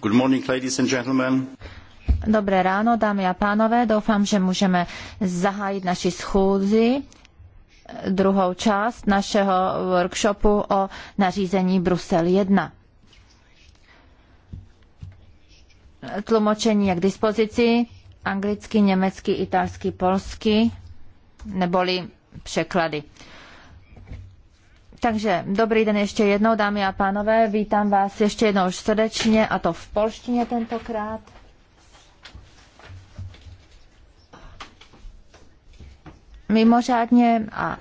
Good morning, ladies and gentlemen. Dobré ráno, dámy a pánové. Doufám, že můžeme zahájit naši schůzi, druhou část našeho workshopu o nařízení Brusel 1. Tlumočení je k dispozici anglicky, německy, italsky, polsky, neboli překlady. Takže dobrý den ještě jednou, dámy a pánové. Vítám vás ještě jednou srdečně, a to v polštině tentokrát. Mimořádně a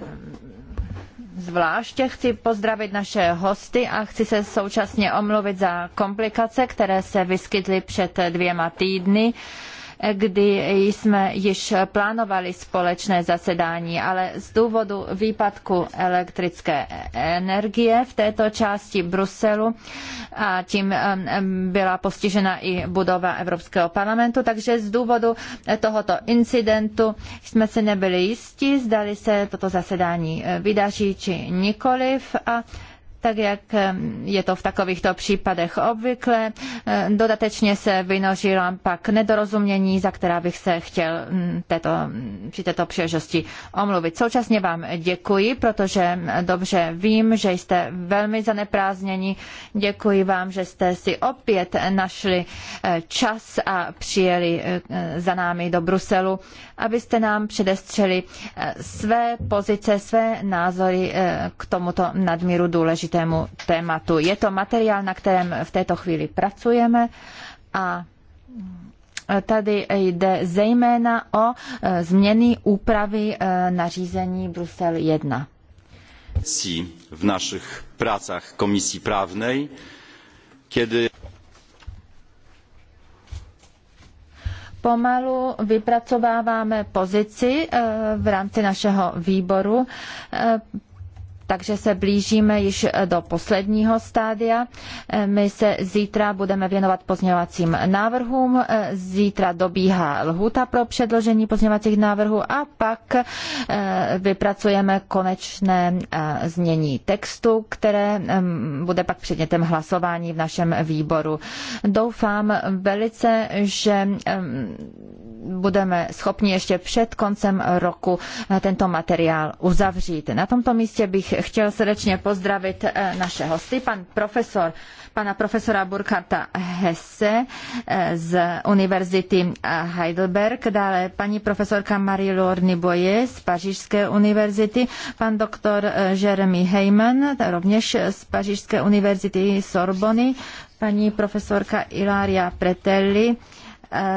Zvláště chci pozdravit naše hosty a chci se současně omluvit za komplikace, které se vyskytly před dvěma týdny. Uh, kdy jsme již plánovali společné zasedání, ale z důvodu výpadku elektrické energie v této části Bruselu a tím byla postižena i budova Evropského parlamentu, takže z důvodu tohoto incidentu jsme si nebyli jisti, zdali se toto zasedání vydaří či nikoliv a tak jak je to v takovýchto případech obvykle. Eh, dodatečně se vynožila pak nedorozumění, za která bych se chtěl mm, této, při této příležitosti omluvit. Současně vám děkuji, protože dobře vím, že jste velmi zaneprázdněni. Děkuji vám, že jste si opět našli eh, čas a přijeli eh, za námi do Bruselu, abyste nám předestřeli své pozice, své názory k tomuto nadmíru důležitému důležitému tématu. Je to materiál, na kterém v této chvíli pracujeme a tady jde zejména o e, změny úpravy e, nařízení Brusel 1. V našich pracách komisí právnej, kdy pomalu vypracováváme pozici e, v rámci našeho výboru takže se blížíme již do posledního stádia. My se zítra budeme věnovat pozměňovacím návrhům. Zítra dobíhá lhuta pro předložení pozměňovacích návrhů a pak eh, vypracujeme konečné eh, znění textu, které bude pak předmětem hlasování v našem výboru. Doufám velice, že budeme schopni ještě před koncem roku eh, tento materiál uzavřít. Na tomto místě bych chtěl srdečně pozdravit eh, naše hosty, pan profesor, pana profesora Burkharta Hesse eh, z Univerzity Heidelberg, dále paní profesorka Marie-Laure Niboye z Pařížské univerzity, pan doktor Jeremy Heyman, rovněž z Pařížské univerzity Sorbony, paní profesorka Ilaria Pretelli,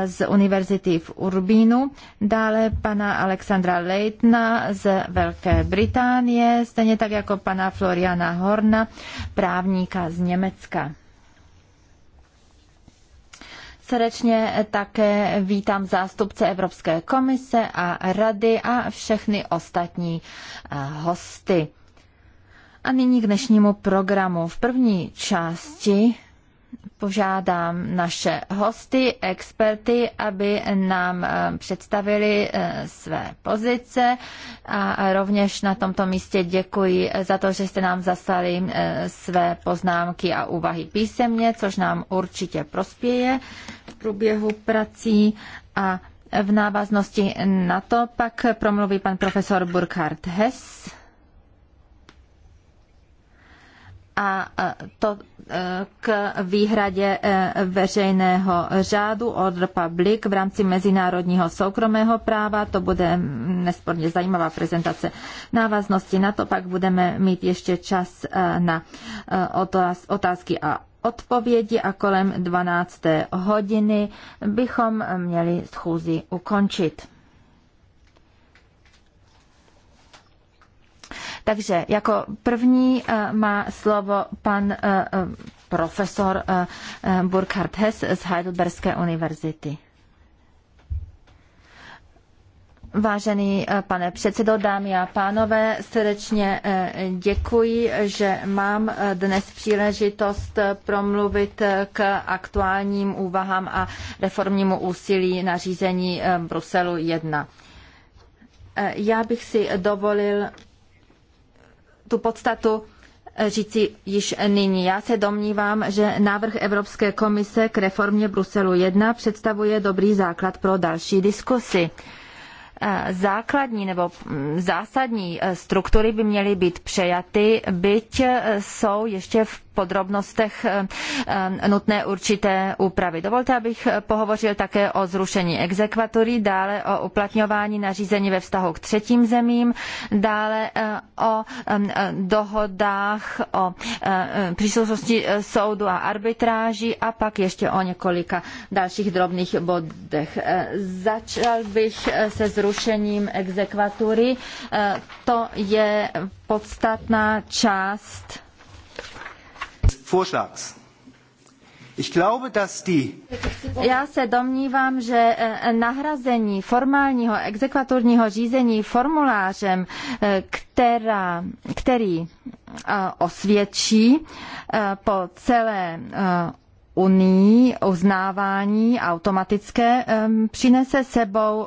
z Univerzity v Urbínu, dále pana Alexandra Leitna z Velké Británie, stejně tak jako pana Floriana Horna, právníka z Německa. Srdečně také vítám zástupce Evropské komise a rady a všechny ostatní eh, hosty. A nyní k dnešnímu programu. V první části požádám naše hosty, experty, aby nám eh, představili eh, své pozice a rovněž na tomto místě děkuji eh, za to, že jste nám zaslali své poznámky a úvahy písemně, což nám určitě prospěje v průběhu prací a v návaznosti na to pak promluví pan profesor Burkhard Hess a e, to e, k výhradě e, veřejného řádu od Republik v rámci mezinárodního soukromého práva. To bude nesporně zajímavá prezentace. Návaznosti na to pak budeme mít ještě čas na otázky a odpovědi a kolem 12. hodiny bychom měli schůzi ukončit. Takže jako první eh, má slovo pan eh, eh, profesor Burkhard Hess z Heidelberské univerzity. Vážený pane předsedo, dámy a pánové, srdečně děkuji, že mám dnes příležitost promluvit k aktuálním úvahám a reformnímu úsilí na řízení Bruselu 1. Já bych si dovolil tu podstatu eh, říci již nyní. Já se domnívám, že návrh Evropské komise k reformě Bruselu 1 představuje dobrý základ pro další diskusy. Eh, Základní nebo mm, zásadní eh, struktury by měly být přejaty, byť jsou ještě v podrobnostech eh, eh, nutné určité úpravy. Dovolte, abych eh, pohovořil také o zrušení exekvatory, dále o uplatňování nařízení ve vztahu k třetím zemím, dále o dohodách o příslušnosti soudu a arbitráži a pak ještě o několika dalších drobných bodech. Začal bych se zrušením exekvatury. To je podstatná část Vorschlags. Já se domnívám, že eh, nahrazení formálního exekvaturního řízení formulářem, eh, která, který eh, osvědčí po celé unii uznávání automatické přinese sebou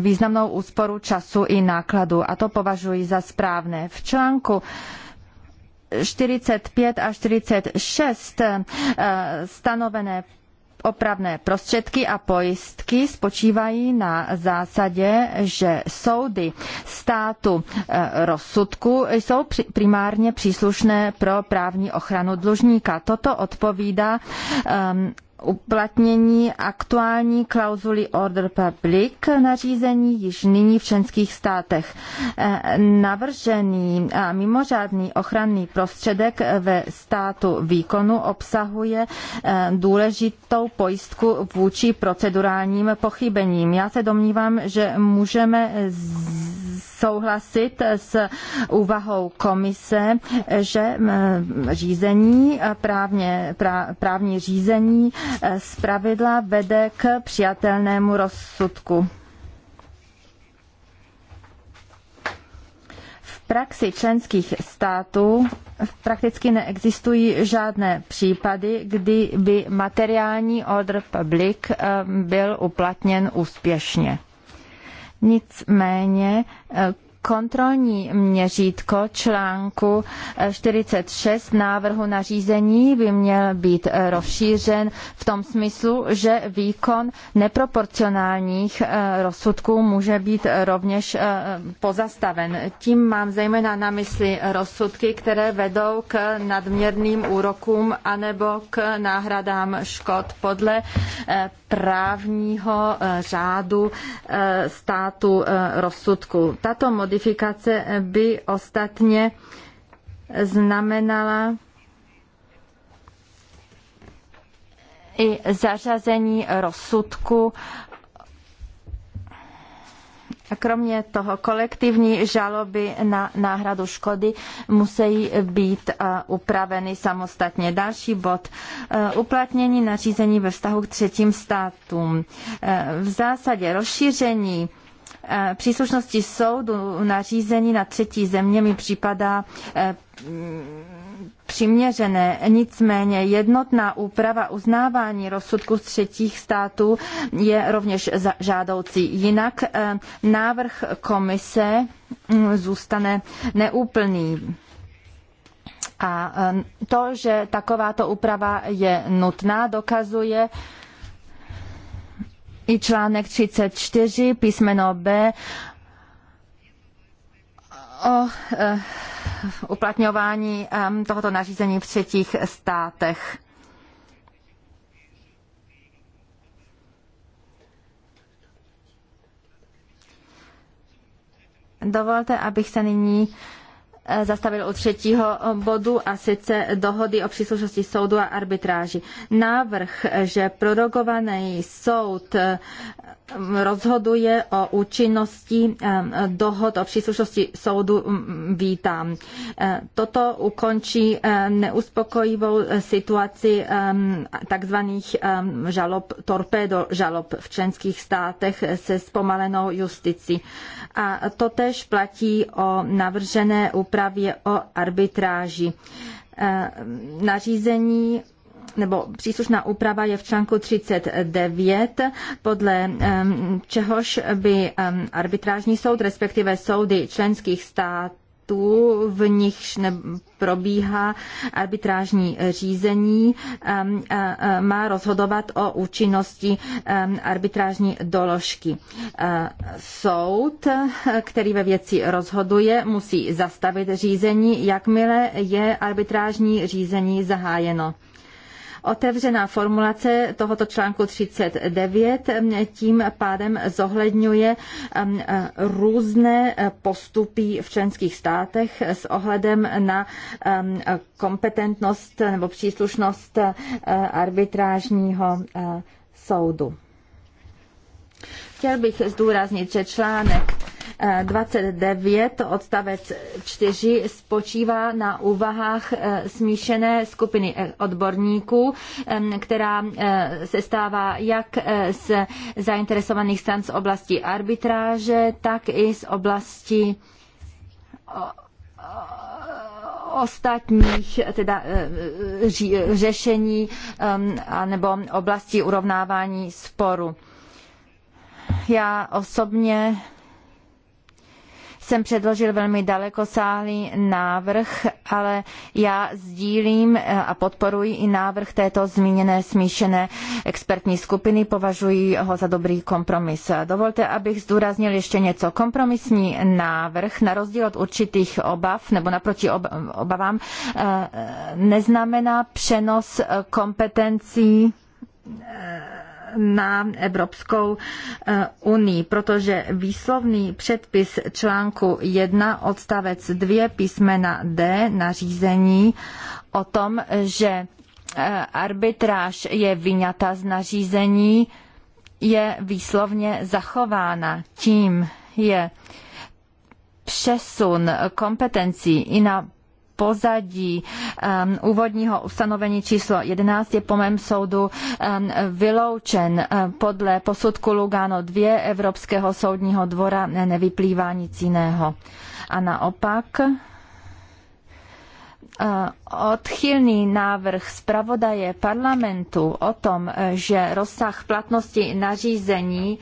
významnou úsporu času i nákladu a to považuji za správné. V článku 45 a 46 eh, stanovené opravné prostředky a pojistky spočívají na zásadě, že soudy státu eh, rozsudku jsou primárně příslušné pro právní ochranu dlužníka. Toto odpovídá ehm, uplatnění aktuální klauzuly Order Public nařízení již nyní v členských státech. Eh, navržený a mimořádný ochranný prostředek ve státu výkonu obsahuje eh, důležitou pojistku vůči procedurálním pochybením. Já se domnívám, že můžeme souhlasit s úvahou komise, že eh, řízení, právně, právní řízení Eh, z pravidla vede k přijatelnému rozsudku. praxi členských států prakticky neexistují žádné případy, kdy by materiální order public eh, byl uplatněn úspěšně. Nicméně eh, kontrolní měřítko článku 46 návrhu nařízení by měl být rozšířen v tom smyslu, že výkon neproporcionálních eh, rozsudků může být eh, rovněž eh, pozastaven. Tím mám zejména na mysli rozsudky, které vedou k nadměrným úrokům anebo k náhradám škod podle právního eh, řádu eh, státu eh, rozsudku. Tato modifikace by ostatně znamenala i zařazení rozsudku Kromě toho kolektivní žaloby na náhradu škody musí být eh, upraveny samostatně. Další bod. Eh, uplatnění nařízení ve vztahu k třetím státům. Eh, v zásadě rozšíření příslušnosti soudu nařízení na třetí země mi připadá přiměřené. Nicméně jednotná úprava uznávání rozsudku z třetích států je rovněž žádoucí. Jinak eh, návrh komise mm, zůstane neúplný. A eh, to, že takováto úprava je nutná, dokazuje i článek 34 písmeno B o eh, uplatňování tohoto nařízení v třetích státech. Dovolte, abych se nyní e, zastavil u třetího bodu a sice dohody o příslušnosti soudu a arbitráži. Návrh, že prorogovaný soud e, rozhoduje o účinnosti dohod o příslušnosti soudu, vítám. E, toto ukončí e, neuspokojivou situaci takzvaných žalob, torpédo žalob v členských státech se zpomalenou justicí. A totež platí o navržené úpravě o arbitráži. E, nařízení nebo příslušná úprava je v článku 39, podle čehož by arbitrážní soud, respektive soudy členských států, v nichž probíhá arbitrážní řízení, e, e, má rozhodovat o účinnosti arbitrážní doložky. E, soud, který ve věci rozhoduje, musí zastavit řízení, jakmile je arbitrážní řízení zahájeno. Otevřená formulace tohoto článku 39 mm, tím pádem zohledňuje mm, eh, různé eh, postupy v členských státech s ohledem na mm, eh, kompetentnost nebo příslušnost arbitrážního soudu. Chtěl bych zdůraznit, že článek 29 odstavec 4 spočívá na úvahách eh, smíšené skupiny eh, odborníků, která eh, se stává jak z zainteresovaných stran z oblasti arbitráže, tak i z oblasti ostatních teda, řešení nebo oblasti urovnávání sporu. Já osobně jsem předložil velmi dalekosáhlý návrh, ale já sdílím eh, a podporuji i návrh této zmíněné smíšené expertní skupiny, považuji ho za dobrý kompromis. Dovolte, abych zdůraznil ještě něco. Kompromisní návrh, na rozdíl od určitých obav, nebo naproti obavám, eh, neznamená přenos eh, kompetencí na Evropskou eh, unii, protože výslovný předpis článku 1 odstavec 2 písmena D nařízení o tom, že eh, arbitráž je vyňata z nařízení, je výslovně zachována. Tím je přesun kompetencí i na pozadí um, úvodního ustanovení číslo 11 je po mém soudu um, vyloučen um, podle posudku Lugano 2 Evropského soudního dvora ne, nevyplývá nic jiného. A naopak uh, odchylný návrh zpravodaje parlamentu o tom, že rozsah platnosti nařízení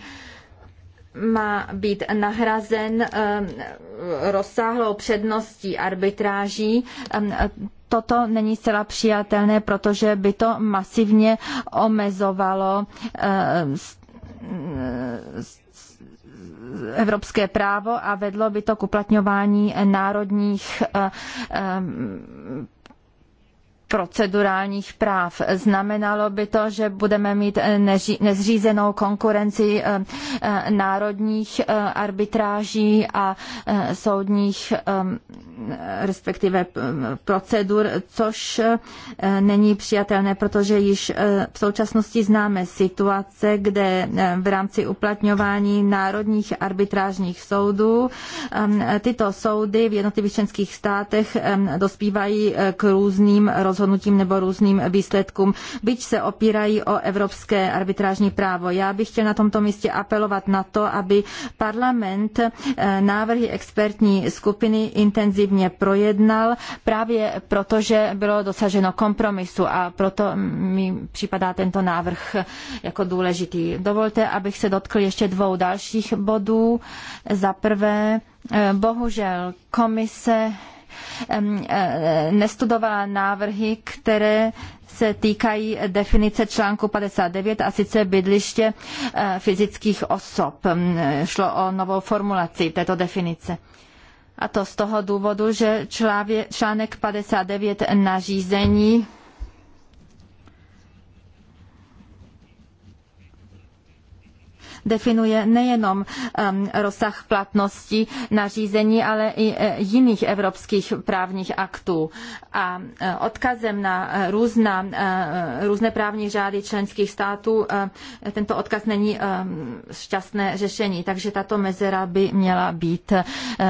má být nahrazen eh, rozsáhlou předností arbitráží. Eh, toto není zcela přijatelné, protože by to masivně omezovalo eh, evropské právo a vedlo by to k uplatňování národních procedurálních práv. Znamenalo by to, že budeme mít eh, nezřízenou konkurenci eh, eh, národních arbitráží a soudních respektive procedur, což e, není přijatelné, protože již e, v současnosti známe situace, kde e, v rámci uplatňování národních arbitrážních soudů tyto soudy v jednotlivých členských státech dospívají k různým rozhodnutím nebo různým výsledkům, byť se opírají o evropské arbitrážní právo. Já bych chtěl na tomto místě apelovat na to, aby parlament návrhy expertní skupiny intenzivně intenzivně projednal právě proto, že bylo dosaženo kompromisu a proto mi připadá tento návrh jako důležitý. Dovolte, abych se dotkl ještě dvou dalších bodů. Za prvé, eh, bohužel komise eh, nestudovala návrhy, které se týkají definice článku 59 a sice bydliště eh, fyzických osob. Šlo o novou formulaci této definice. A to z toho důvodu, že článek článek 59 nařízení definuje nejenom um, rozsah platnosti nařízení, ale i e, jiných evropských právních aktů. A e, odkazem na různá, e, různé právní řády členských států tento odkaz není šťastné řešení, takže tato mezera by měla být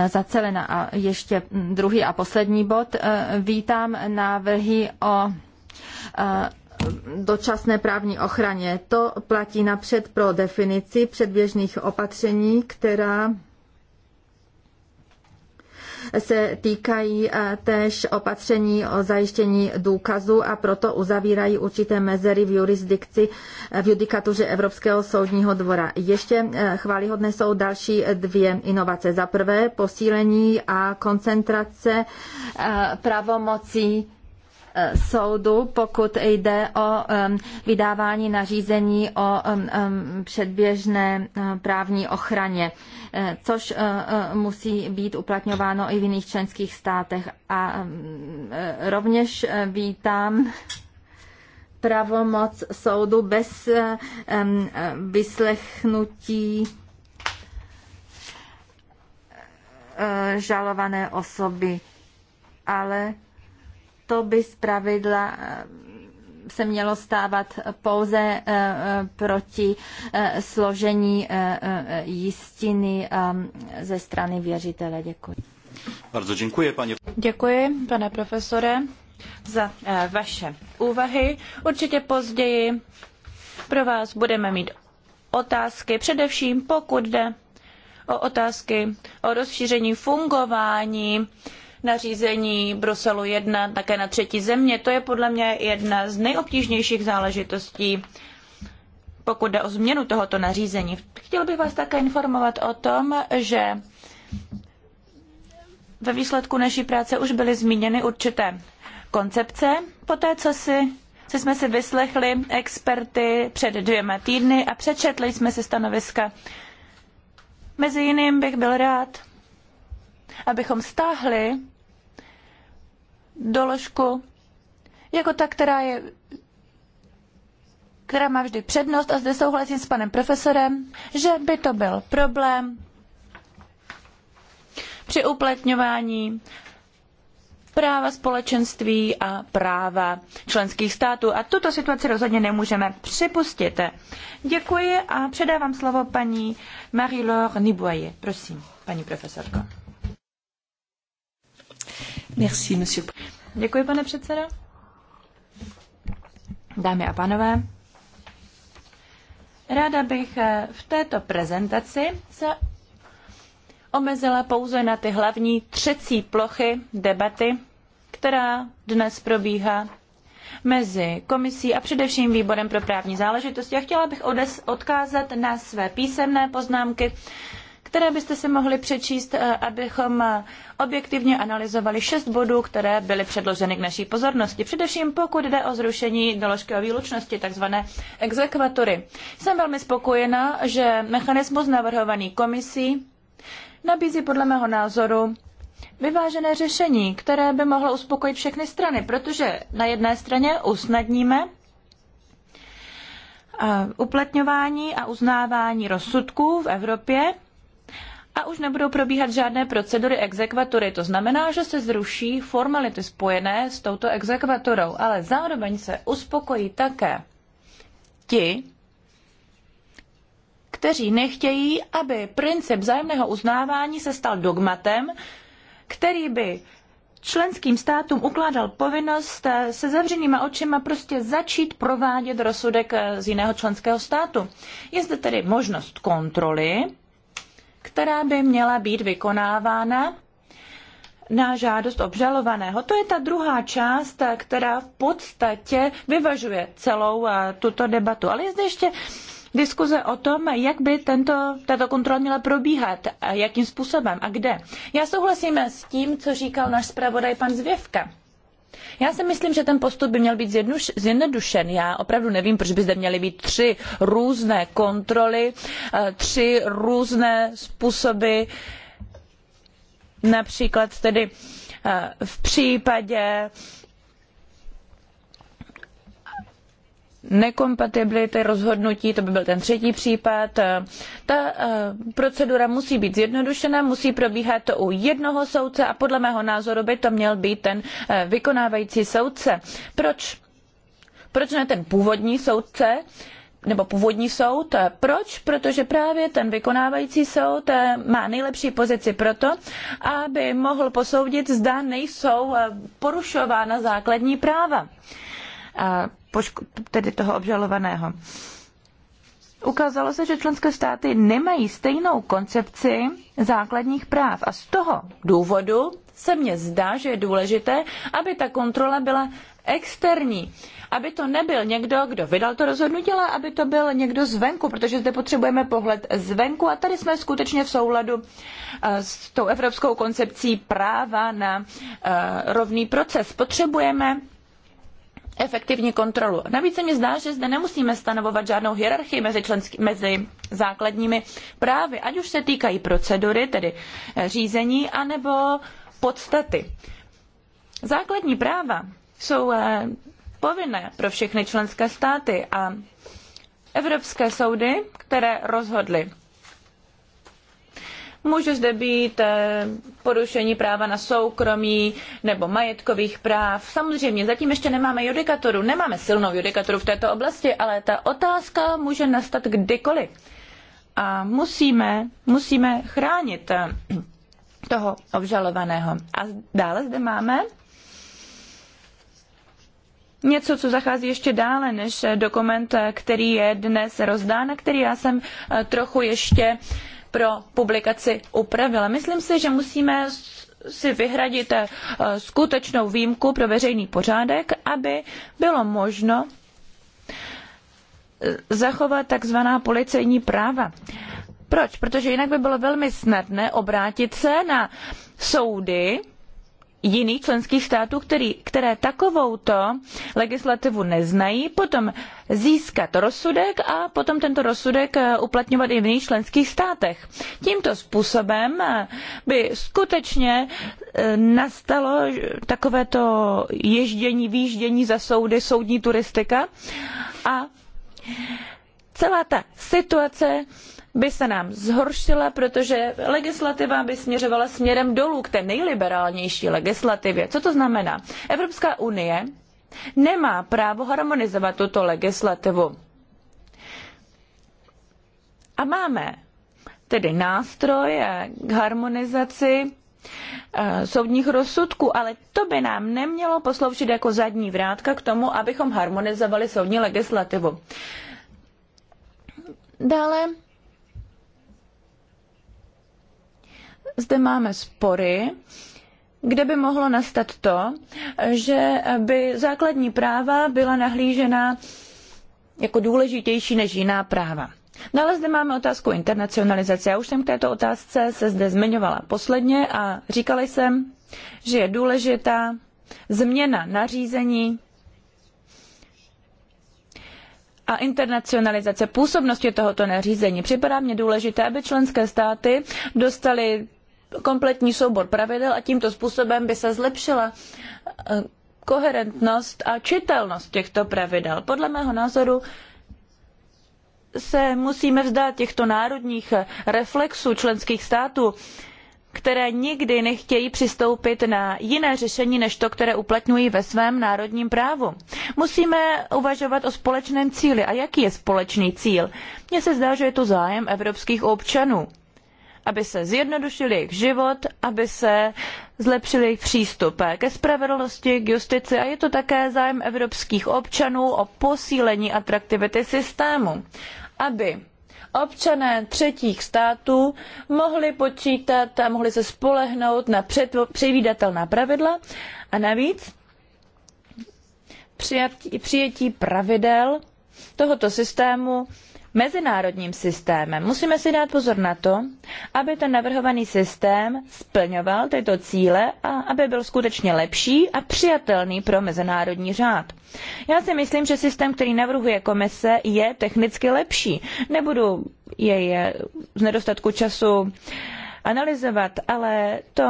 zacelena. A ještě druhý a poslední bod. Vítám návrhy o dočasné právní ochraně. To platí napřed pro definici předběžných opatření, která se týkají eh, též opatření o zajištění důkazů a proto uzavírají určité mezery v jurisdikci eh, v judikatuře Evropského soudního dvora. Ještě eh, chválihodné jsou další dvě inovace. Za prvé posílení a koncentrace pravomocí Eh, soudu, pokud jde o vydávání nařízení o předběžné eh, právní ochraně, eh, což musí být uplatňováno i v jiných členských státech. A rovněž vítám pravomoc soudu bez vyslechnutí žalované osoby, ale to by z pravidla eh, se mělo stávat pouze eh, eh, proti složení jistiny ehm, ze strany věřitele. Děkuji. Bardzo děkuji, paní. Děkuji, pane profesore, za vaše úvahy. Určitě později pro vás budeme mít otázky, především pokud jde o otázky o rozšíření fungování nařízení Bruselu 1 také na třetí země. To je podle mě jedna z nejobtížnějších záležitostí, pokud jde o změnu tohoto nařízení. Chtěl bych vás také informovat o tom, že ve výsledku naší práce už byly zmíněny určité koncepce. Poté, co si co jsme si vyslechli experty před dvěma týdny a přečetli jsme si stanoviska. Mezi jiným bych byl rád, abychom stáhli doložku jako ta, která je která má vždy přednost a zde souhlasím s panem profesorem, že by to byl problém při uplatňování práva společenství a práva členských států. A tuto situaci rozhodně nemůžeme připustit. Děkuji a předávám slovo paní Marie-Laure Niboye. Prosím, paní profesorko. Merci, monsieur. Děkuji, pane předsedo. Dámy a pánové, ráda bych eh, v této prezentaci se omezila pouze na ty hlavní třecí plochy debaty, která dnes probíhá mezi komisí a především výborem pro právní záležitosti. A chtěla bych odkázat na své písemné poznámky, které byste si mohli přečíst, eh, abychom eh, objektivně analyzovali šest bodů, které byly předloženy k naší pozornosti. Především pokud jde o zrušení doložky o výlučnosti, takzvané exekvatury. Jsem velmi spokojena, že mechanismus navrhovaný komisí nabízí podle mého názoru vyvážené řešení, které by mohlo uspokojit všechny strany, protože na jedné straně usnadníme eh, uplatňování a uznávání rozsudků v Evropě a už nebudou probíhat žádné procedury exekvatury. To znamená, že se zruší formality spojené s touto exekvaturou, ale zároveň se uspokojí také ti, kteří nechtějí, aby princip vzájemného uznávání se stal dogmatem, který by členským státům ukládal povinnost eh, se zavřenýma očima prostě začít provádět rozsudek eh, z jiného členského státu. Je zde tedy možnost kontroly, která by měla být vykonávána na žádost obžalovaného. To je ta druhá část, která v podstatě vyvažuje celou eh, tuto debatu. Ale je zde ještě diskuze o tom, jak by tento, tato kontrola měla probíhat, jakým způsobem a kde. Já souhlasím s tím, co říkal náš zpravodaj pan Zvěvka. Já si myslím, že ten postup by měl být zjednodušen. Já opravdu nevím, proč by zde měly být tři různé kontroly, eh, tři různé způsoby, například tedy eh, v případě nekompatibility rozhodnutí, to by byl ten třetí případ. Eh, Ta eh, procedura musí být zjednodušena, musí probíhat to u jednoho soudce a podle mého názoru by to měl být ten eh, vykonávající soudce. Proč? Proč ne ten původní soudce? nebo původní soud. Proč? Protože právě ten vykonávající soud má nejlepší pozici proto, aby mohl posoudit, zda nejsou porušována základní práva tedy toho obžalovaného. Ukázalo se, že členské státy nemají stejnou koncepci základních práv a z toho důvodu se mně zdá, že je důležité, aby ta kontrola byla externí. Aby to nebyl někdo, kdo vydal to rozhodnutí, ale aby to byl někdo zvenku, protože zde potřebujeme pohled zvenku a tady jsme skutečně v souladu eh, s tou evropskou koncepcí práva na eh, rovný proces. Potřebujeme efektivní kontrolu. Navíc se mi zdá, že zde nemusíme stanovovat žádnou hierarchii mezi, členský, mezi základními právy, ať už se týkají procedury, tedy eh, řízení, anebo podstaty. Základní práva jsou eh, povinné pro všechny členské státy a evropské soudy, které rozhodly Může zde být eh, porušení práva na soukromí nebo majetkových práv. Samozřejmě, zatím ještě nemáme judikaturu, nemáme silnou judikaturu v této oblasti, ale ta otázka může nastat kdykoliv. A musíme, musíme chránit eh, toho obžalovaného. A dále zde máme něco, co zachází ještě dále než eh, dokument, který je dnes rozdán a který já jsem trochu ještě uh, pro publikaci upravila. Myslím si, že musíme si vyhradit eh, skutečnou výjimku pro veřejný pořádek, aby bylo možno eh, zachovat takzvaná policejní práva. Proč? Protože jinak by bylo velmi snadné obrátit se na soudy, jiných členských států, který, které takovouto legislativu neznají, potom získat rozsudek a potom tento rozsudek eh, uplatňovat i v jiných členských státech. Tímto způsobem eh, by skutečně eh, nastalo takovéto ježdění, výjíždění za soudy, soudní turistika a celá ta situace by se nám zhoršila, protože legislativa by směřovala směrem dolů k té nejliberálnější legislativě. Co to znamená? Evropská unie nemá právo harmonizovat tuto legislativu. A máme tedy nástroj k harmonizaci eh, soudních rozsudků, ale to by nám nemělo posloužit jako zadní vrátka k tomu, abychom harmonizovali soudní legislativu. Dále zde máme spory, kde by mohlo nastat to, že by základní práva byla nahlížena jako důležitější než jiná práva. Dále no zde máme otázku internacionalizace. Já už jsem k této otázce se zde zmiňovala posledně a říkala jsem, že je důležitá změna nařízení a internacionalizace působnosti tohoto nařízení. Připadá mně důležité, aby členské státy dostaly kompletní soubor pravidel a tímto způsobem by se zlepšila eh, koherentnost a čitelnost těchto pravidel. Podle mého názoru se musíme vzdát těchto národních reflexů členských států, které nikdy nechtějí přistoupit na jiné řešení než to, které uplatňují ve svém národním právu. Musíme uvažovat o společném cíli. A jaký je společný cíl? Mně se zdá, že je to zájem evropských občanů aby se zjednodušil jejich život, aby se zlepšil jejich přístup ke spravedlnosti, k justici a je to také zájem evropských občanů o posílení atraktivity systému, aby občané třetích států mohli počítat a mohli se spolehnout na předvídatelná pravidla a navíc přijetí pravidel tohoto systému mezinárodním systémem. Musíme si dát pozor na to, aby ten navrhovaný systém splňoval tyto cíle a aby byl skutečně lepší a přijatelný pro mezinárodní řád. Já si myslím, že systém, který navrhuje komise, je technicky lepší. Nebudu jej eh, z nedostatku času analyzovat, ale to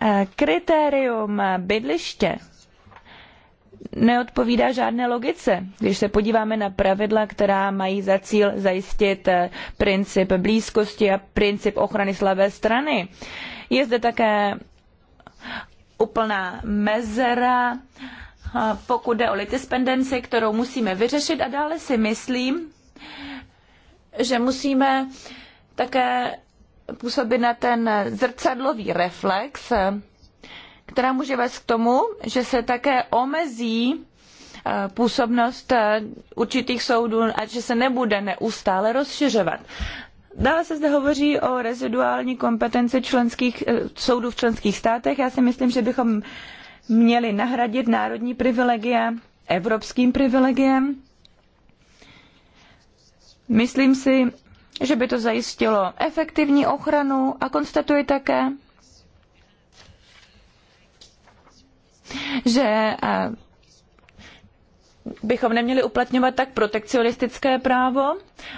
eh, kritérium bydliště neodpovídá žádné logice. Když se podíváme na pravidla, která mají za cíl zajistit eh, princip blízkosti a princip ochrany slabé strany, je zde také úplná mezera, pokud jde o litispendenci, kterou musíme vyřešit a dále si myslím, že musíme také působit na ten zrcadlový reflex, která může vést k tomu, že se také omezí eh, působnost eh, určitých soudů a že se nebude neustále rozšiřovat. Dále se zde hovoří o reziduální kompetenci členských, eh, soudů v členských státech. Já si myslím, že bychom měli nahradit národní privilegie evropským privilegiem. Myslím si, že by to zajistilo efektivní ochranu a konstatuji také, že eh, bychom neměli uplatňovat tak protekcionistické právo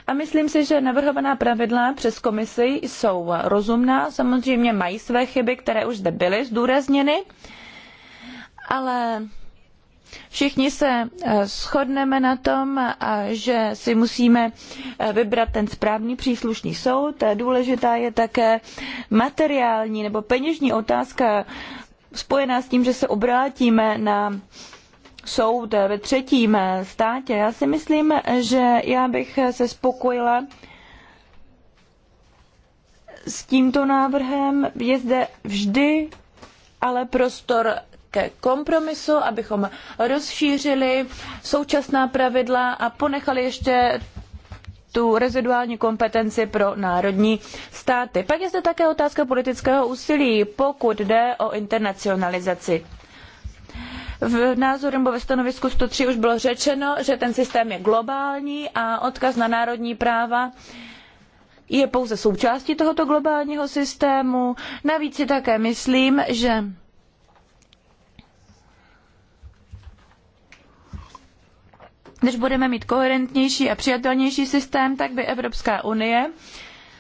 a myslím si, že navrhovaná pravidla přes komisi jsou rozumná, samozřejmě mají své chyby, které už zde byly zdůrazněny, ale Všichni se eh, shodneme na tom, eh, že si musíme vybrat ten správný příslušný soud. Důležitá je také materiální nebo peněžní otázka, spojená s tím, že se obrátíme na soud ve třetím státě. Já si myslím, že já bych se spokojila s tímto návrhem. Je zde vždy ale prostor ke kompromisu, abychom rozšířili současná pravidla a ponechali ještě tu reziduální kompetenci pro národní státy. Pak je zde také otázka politického úsilí, pokud jde o internacionalizaci. V názoru nebo ve stanovisku 103 už bylo řečeno, že ten systém je globální a odkaz na národní práva je pouze součástí tohoto globálního systému. Navíc si také myslím, že Když budeme mít koherentnější a přijatelnější systém, tak by Evropská unie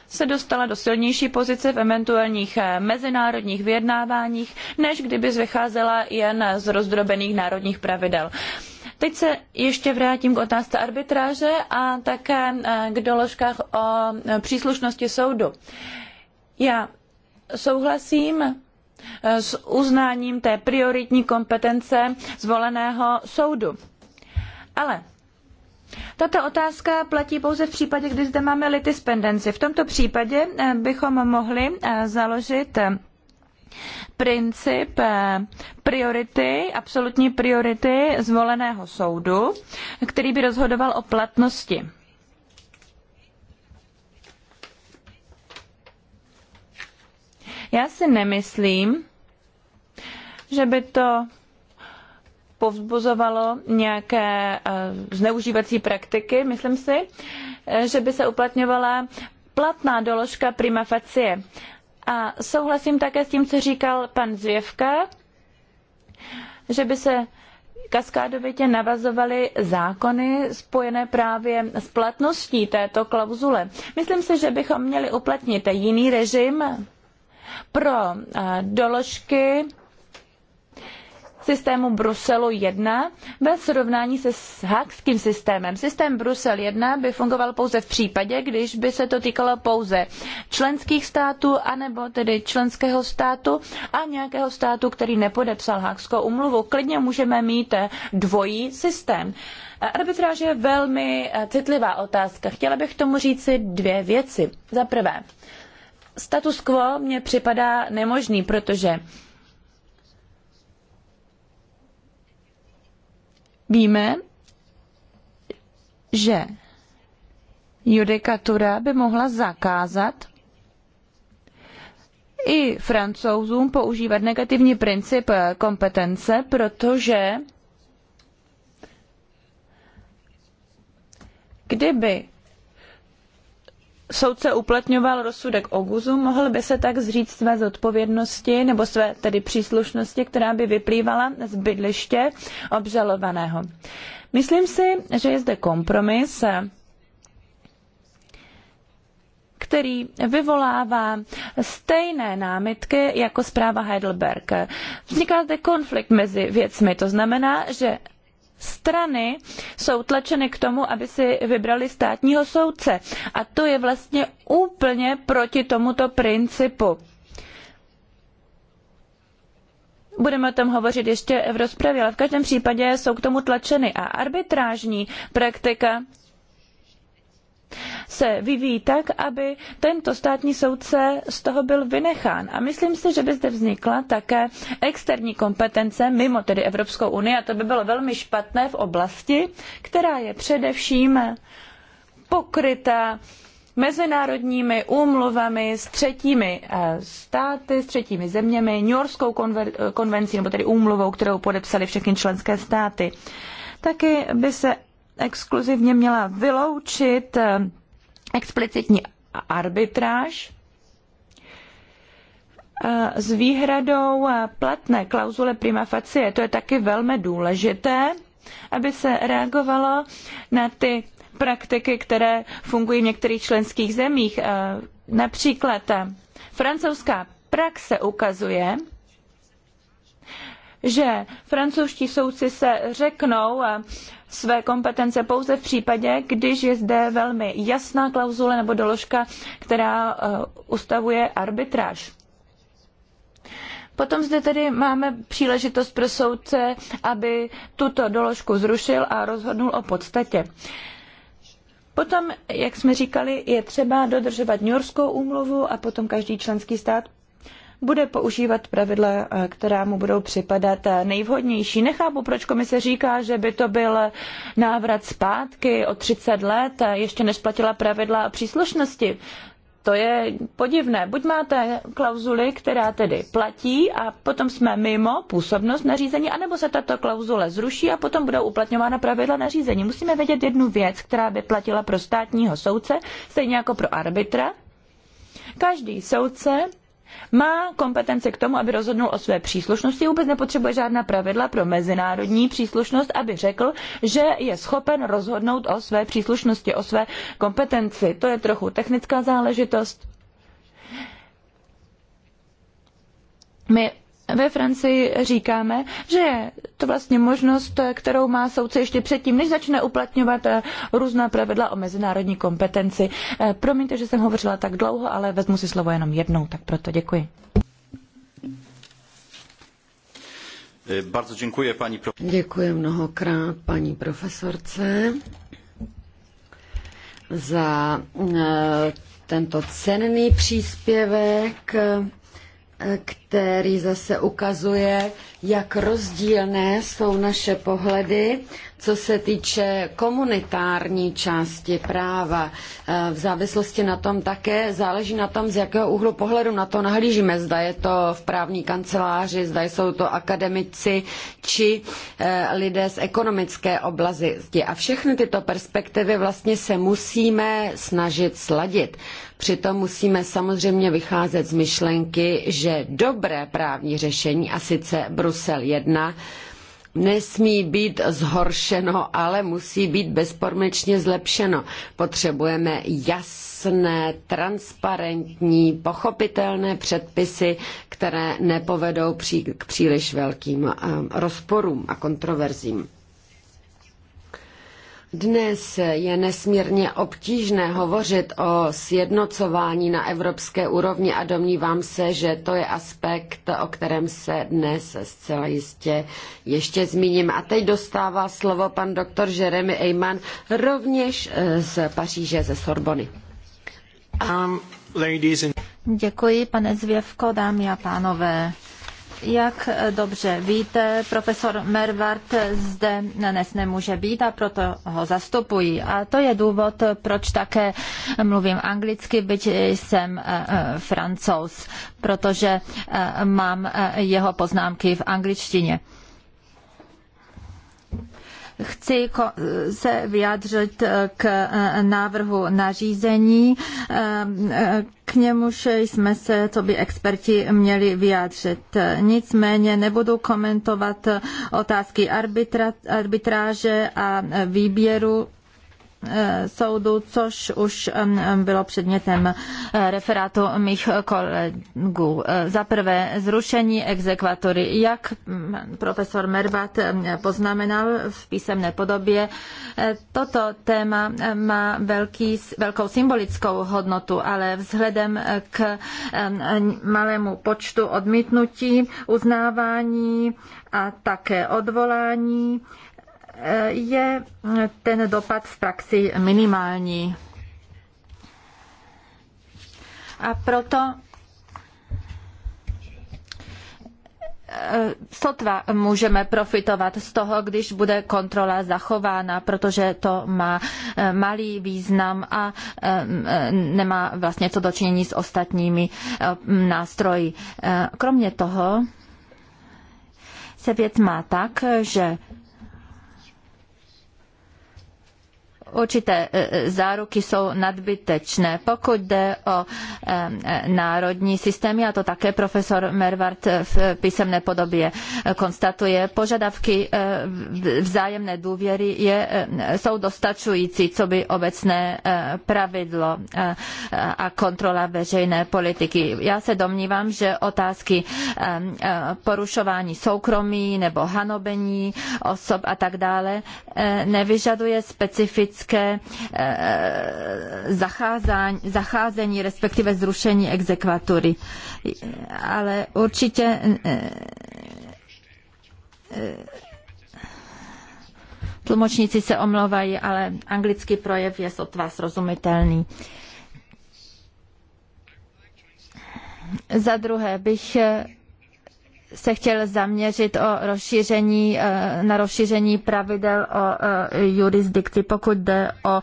se dostala do silnější pozice v eventuálních eh, mezinárodních vyjednáváních, než kdyby vycházela jen z rozdrobených národních pravidel. Teď se ještě vrátím k otázce arbitráže a také eh, k doložkách o eh, příslušnosti soudu. Já souhlasím s uznáním té prioritní kompetence zvoleného soudu. Ale tato otázka platí pouze v případě, kdy zde máme litispendenci. V tomto případě eh, bychom mohli eh, založit eh, princip priority, absolutní priority zvoleného soudu, který by rozhodoval o platnosti. Já si nemyslím, že by to povzbuzovalo nějaké eh, zneužívací praktiky, myslím si, eh, že by se uplatňovala platná doložka prima facie. A souhlasím také s tím, co říkal pan Zvěvka, že by se kaskádovitě navazovaly zákony spojené právě s platností této klauzule. Myslím si, že bychom měli uplatnit jiný režim pro eh, doložky systému Bruselu 1 ve srovnání se s systémem. Systém Brusel 1 by fungoval pouze v případě, když by se to týkalo pouze členských států, anebo tedy členského státu a nějakého státu, který nepodepsal hákskou umluvu. Klidně můžeme mít dvojí systém. Arbitráž je velmi citlivá otázka. Chtěla bych k tomu říci dvě věci. Za prvé, status quo mně připadá nemožný, protože Víme, že judikatura by mohla zakázat i francouzům používat negativní princip kompetence, protože kdyby soudce uplatňoval rozsudek Oguzu, mohl by se tak zříct své zodpovědnosti nebo své tedy příslušnosti, která by vyplývala z bydliště obžalovaného. Myslím si, že je zde kompromis, který vyvolává stejné námitky jako zpráva Heidelberg. Vzniká zde konflikt mezi věcmi, to znamená, že strany jsou tlačeny k tomu, aby si vybrali státního soudce. A to je vlastně úplně proti tomuto principu. Budeme o tom hovořit ještě v rozpravě, ale v každém případě jsou k tomu tlačeny. A arbitrážní praktika se vyvíjí tak, aby tento státní soudce z toho byl vynechán. A myslím si, že by zde vznikla také externí kompetence mimo tedy Evropskou unii a to by bylo velmi špatné v oblasti, která je především pokryta mezinárodními úmluvami s třetími eh, státy, s třetími zeměmi, New Yorkskou konvencí, nebo tedy úmluvou, kterou podepsali všechny členské státy. Taky by se exkluzivně měla vyloučit eh, explicitní arbitráž eh, s výhradou eh, platné klauzule prima facie. To je taky velmi důležité, aby se reagovalo na ty praktiky, které fungují v některých členských zemích. Eh, například francouzská praxe ukazuje, že francouzští soudci se řeknou, své kompetence pouze v případě, když je zde velmi jasná klauzule nebo doložka, která eh, ustavuje arbitráž. Potom zde tedy máme příležitost pro soudce, aby tuto doložku zrušil a rozhodnul o podstatě. Potom, jak jsme říkali, je třeba dodržovat Newyorskou úmluvu a potom každý členský stát bude používat pravidla, eh, která mu budou připadat eh, nejvhodnější. Nechápu, proč komise říká, že by to byl návrat zpátky o 30 let, eh, ještě než platila pravidla a příslušnosti. To je podivné. Buď máte klauzuli, která tedy platí a potom jsme mimo působnost nařízení, anebo se tato klauzule zruší a potom budou uplatňována pravidla nařízení. Musíme vědět jednu věc, která by platila pro státního soudce, stejně jako pro arbitra. Každý soudce má kompetence k tomu, aby rozhodnul o své příslušnosti, vůbec nepotřebuje žádná pravidla pro mezinárodní příslušnost, aby řekl, že je schopen rozhodnout o své příslušnosti, o své kompetenci. To je trochu technická záležitost. My ve Francii říkáme, že je to vlastně možnost, kterou má soudce ještě předtím, než začne uplatňovat eh, různá pravidla o mezinárodní kompetenci. Eh, promiňte, že jsem hovořila tak dlouho, ale vezmu si slovo jenom jednou, tak proto děkuji. Eh, bardzo děkuji, paní Děkuji mnohokrát paní profesorce za tento cenný příspěvek který zase ukazuje, jak rozdílné jsou naše pohledy co se týče komunitární části práva, eh, v závislosti na tom také záleží na tom, z jakého úhlu pohledu na to nahlížíme. Zda je to v právní kanceláři, zda jsou to akademici či eh, lidé z ekonomické oblasti. A všechny tyto perspektivy vlastně se musíme snažit sladit. Přitom musíme samozřejmě vycházet z myšlenky, že dobré právní řešení, a sice Brusel 1, nesmí být zhoršeno, ale musí být bezpormečně zlepšeno. Potřebujeme jasné, transparentní, pochopitelné předpisy, které nepovedou k příliš velkým eh, rozporům a kontroverzím. Dnes je nesmírně obtížné hovořit o sjednocování na evropské úrovni a domnívám se, že to je aspekt, o kterém se dnes zcela jistě ještě zmíním. A teď dostává slovo pan doktor Jeremy Eyman, rovněž eh, z Paříže, ze Sorbony. Um, and... Děkuji, pane Zvěvko, dámy a pánové. Jak dobře víte, profesor Mervart zde dnes nemůže být a proto ho zastupuji. A to je důvod, proč také mluvím anglicky, byť jsem eh, eh, francouz, protože eh, mám jeho poznámky v angličtině. Chci se vyjádřit k eh, návrhu nařízení, eh, k němuž jsme se, co by experti, měli vyjádřit. Nicméně nebudu komentovat otázky arbitra, arbitráže a výběru Eh, soudu, což už bylo předmětem eh, referátu mých kolegů. Eh, za prvé zrušení exekvatory. Jak mm, profesor Mervat poznamenal v písemné podobě, toto téma má velký, velkou symbolickou hodnotu, ale vzhledem k malému počtu odmítnutí, uznávání a také odvolání, je ten dopad v praxi minimální. A proto eh, sotva můžeme profitovat z toho, když bude kontrola zachována, protože to má eh, malý význam a eh, nemá vlastně co dočinění s ostatními nástroji. Kromě toho se věc má tak, že určité e, e, záruky jsou nadbytečné. Pokud jde o e, národní systémy, a to také profesor Mervart v písemné podobě konstatuje, požadavky vzájemné důvěry je, jsou dostačující, co by obecné pravidlo a kontrola veřejné politiky. Já se domnívám, že otázky porušování soukromí nebo hanobení osob a tak dále nevyžaduje specifické lidské eh, zacházení, respektive zrušení exekvatury. Ale určitě eh, eh, tlumočníci se omlouvají, ale anglický projev je vás rozumitelný. Za druhé bych se chtěl zaměřit o rozšíření, eh, na rozšíření pravidel o eh, jurisdikci, pokud jde o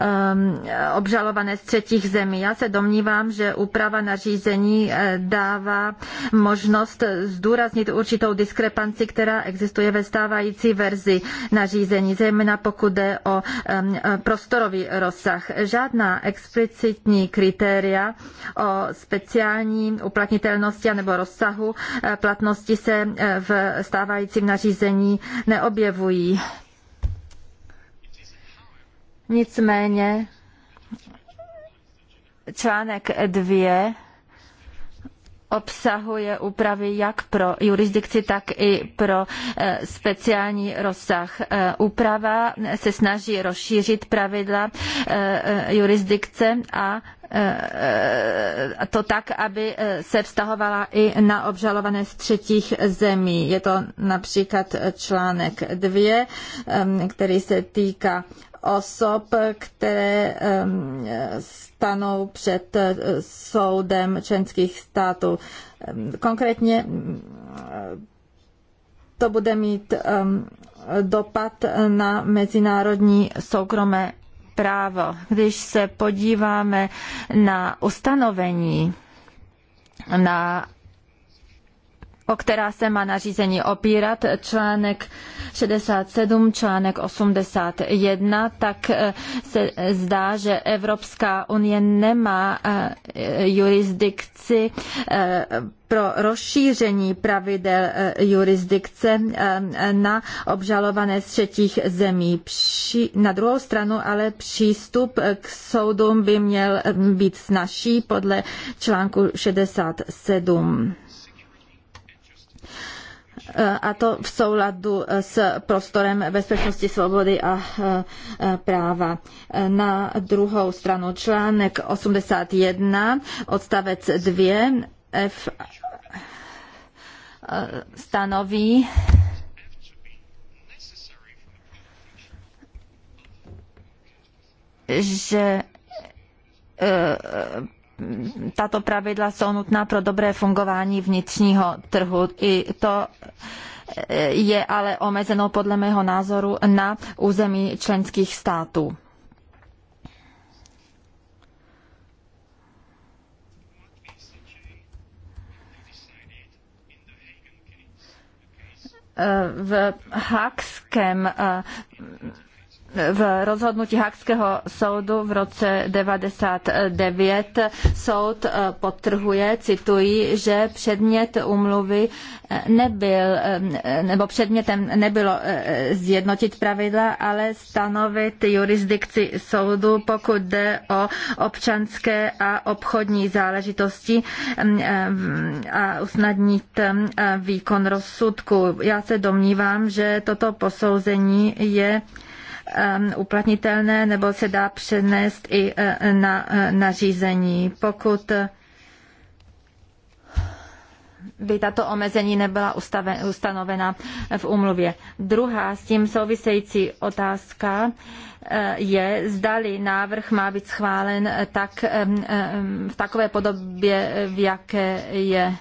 ehm, obžalované z třetích zemí. Já se domnívám, že úprava nařízení eh, dává možnost zdůraznit určitou diskrepanci, která existuje ve stávající verzi nařízení, zejména pokud jde o ehm, prostorový rozsah. Žádná explicitní kritéria o speciální uplatnitelnosti nebo rozsahu platnosti platnosti se eh, v stávajícím nařízení neobjevují. Nicméně článek 2 obsahuje úpravy jak pro jurisdikci, tak i pro eh, speciální rozsah. Eh, úprava se snaží rozšířit pravidla jurisdikce a Eh, eh, to tak, aby eh, se vztahovala i na obžalované z třetích zemí. Je to například článek 2, který se týká osob, které stanou před soudem členských států. Konkrétně to bude mít dopad na mezinárodní soukromé právo. Když se podíváme na ustanovení, na o která se má nařízení opírat, článek 67, článek 81, tak eh, se zdá, že Evropská unie nemá eh, jurisdikci eh, pro rozšíření pravidel eh, jurisdikce eh, na obžalované z třetích zemí. Na druhou stranu ale přístup k soudům by měl eh, být snažší podle článku 67 a to v souladu s prostorem bezpečnosti, svobody a práva. Na druhou stranu článek 81 odstavec 2 F eh, stanoví, že eh, tato pravidla jsou nutná pro dobré fungování vnitřního trhu. I to eh, je ale omezeno podle mého názoru na území členských států. v Hákském eh, v rozhodnutí Hakského soudu v roce 99 soud eh, potrhuje, cituji, že předmět umluvy eh, nebyl, eh, nebo předmětem nebylo zjednotit pravidla, ale stanovit jurisdikci soudu, pokud jde o občanské a obchodní záležitosti mm, a usnadnit mm, výkon rozsudku. Já se domnívám, že toto posouzení je Um, uplatnitelné nebo se dá přenést i eh, na eh, nařízení. Pokud eh, by tato omezení nebyla ustanovena v umluvě. Druhá s tím související otázka je, zdali návrh má být schválen tak, v takové podobě, v jaké je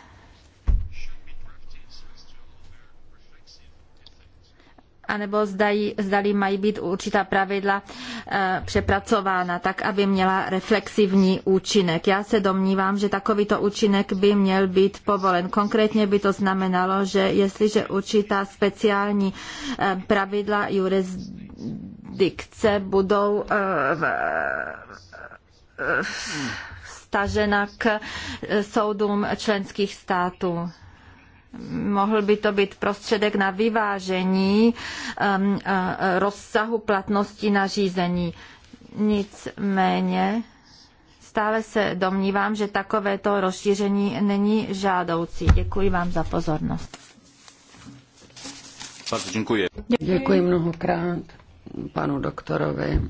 anebo zdají, zdali mají být určitá pravidla eh, přepracována tak, aby měla reflexivní účinek. Já se domnívám, že takovýto účinek by měl být povolen. Konkrétně by to znamenalo, že jestliže určitá speciální eh, pravidla jurisdikce budou eh, stažena k soudům členských států. Mohl by to být prostředek na vyvážení um, uh, rozsahu platnosti nařízení. Nicméně stále se domnívám, že takovéto rozšíření není žádoucí. Děkuji vám za pozornost. Děkuji. Děkuji mnohokrát panu doktorovi.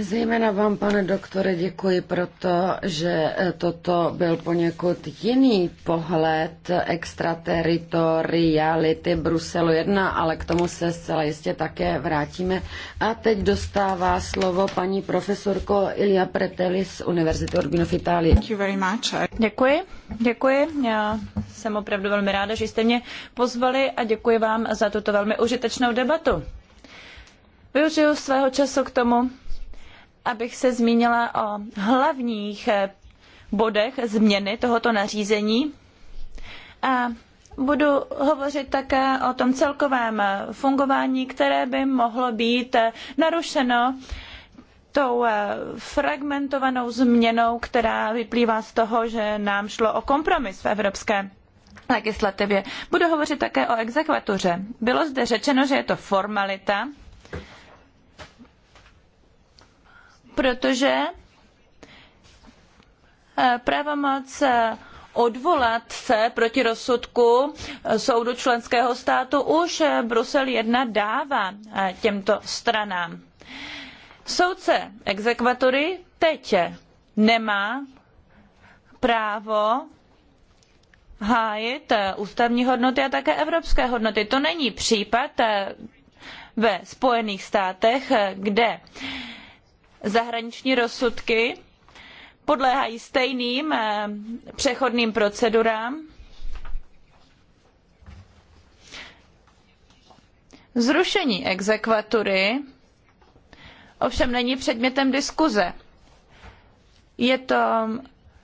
Zejména vám, pane doktore, děkuji proto, že eh, toto byl poněkud jiný pohled extrateritoriality Bruselu 1, ale k tomu se zcela jistě také vrátíme. A teď dostává slovo paní profesorko Ilia Preteli z Univerzity Urbino v Itálii. Děkuji, děkuji. Já jsem opravdu velmi ráda, že jste mě pozvali a děkuji vám za tuto velmi užitečnou debatu. Využiju svého času k tomu, abych se zmínila o hlavních eh, bodech změny tohoto nařízení a budu hovořit také o tom celkovém eh, fungování, které by mohlo být eh, narušeno tou fragmentovanou změnou, která vyplývá z toho, že nám šlo o kompromis v Evropské legislativě. Budu hovořit také o exekvatuře. Bylo zde řečeno, že je to formalita, protože eh, pravomoc eh, odvolat se proti rozsudku eh, soudu členského státu už Brusel 1 dává těmto stranám. Soudce exekvatory teď nemá právo hájit ústavní hodnoty a také evropské hodnoty. To není případ ve Spojených státech, kde zahraniční rozsudky podléhají stejným eh, přechodným procedurám. Zrušení exekvatury ovšem není předmětem diskuze. Je to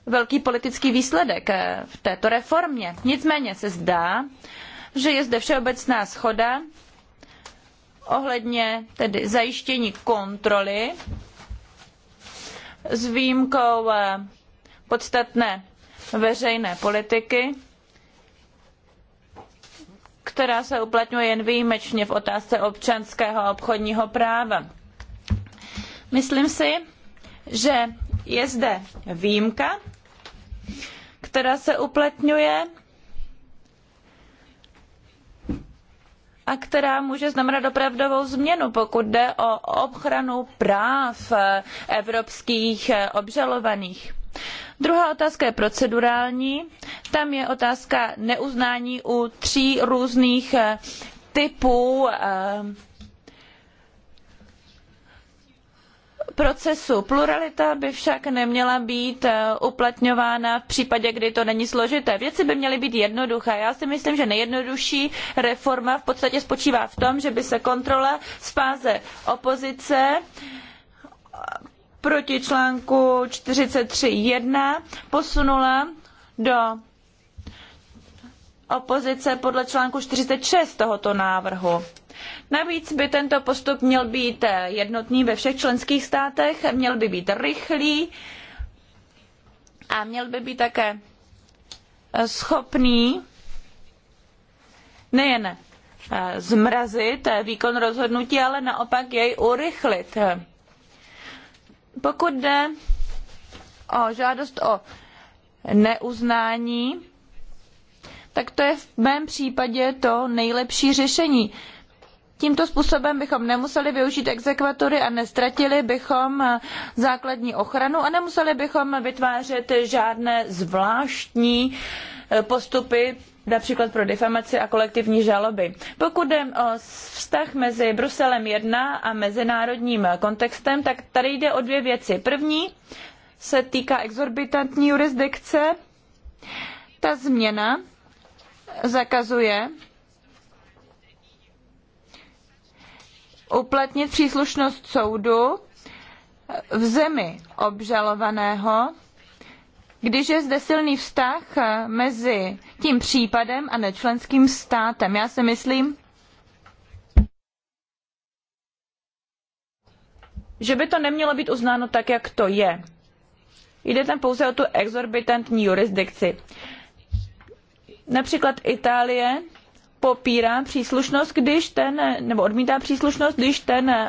velký politický výsledek eh, v této reformě. Nicméně se zdá, že je zde všeobecná schoda ohledně tedy zajištění kontroly s výjimkou eh, podstatné veřejné politiky, která se uplatňuje jen výjimečně v otázce občanského a obchodního práva. Myslím si, že je zde výjimka, která se uplatňuje a která může znamenat opravdovou změnu, pokud jde o ochranu práv eh, evropských eh, obžalovaných. Druhá otázka je procedurální. Tam je otázka neuznání u tří různých eh, typů procesu. Pluralita by však neměla být eh, uplatňována v případě, kdy to není složité. Věci by měly být jednoduché. Já si myslím, že nejjednodušší reforma v podstatě spočívá v tom, že by se kontrola z fáze opozice eh, proti článku 43.1 posunula do opozice podle článku 46 tohoto návrhu. Navíc by tento postup měl být eh, jednotný ve všech členských státech, měl by být rychlý a měl by být také eh, schopný nejen eh, zmrazit výkon rozhodnutí, ale naopak jej urychlit. Pokud jde o žádost o neuznání, tak to je v mém případě to nejlepší řešení Tímto způsobem bychom nemuseli využít exekvatury a nestratili bychom eh, základní ochranu a nemuseli bychom vytvářet žádné zvláštní eh, postupy například pro defamaci a kolektivní žaloby. Pokud jde o vztah mezi Bruselem 1 a mezinárodním kontextem, tak tady jde o dvě věci. První se týká exorbitantní jurisdikce. Ta změna zakazuje uplatnit příslušnost soudu v zemi obžalovaného, když je zde silný vztah mezi tím případem a nečlenským státem. Já si myslím, že by to nemělo být uznáno tak, jak to je. Jde tam pouze o tu exorbitantní jurisdikci. Například Itálie popírá příslušnost, když ten, nebo odmítá příslušnost, když ten eh,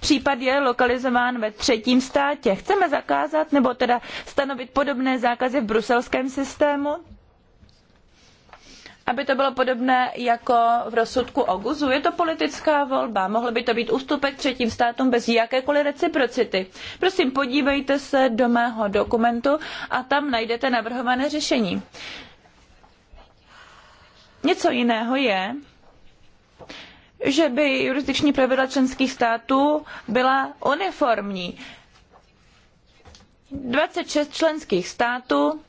případ je lokalizován ve třetím státě. Chceme zakázat nebo teda stanovit podobné zákazy v bruselském systému? Aby to bylo podobné jako v rozsudku o Guzu. Je to politická volba. Mohl by to být ústupek třetím státům bez jakékoliv reciprocity. Prosím, podívejte se do mého dokumentu a tam najdete navrhované řešení. Něco jiného je, že by jurisdikční pravidla členských států byla uniformní. 26 členských států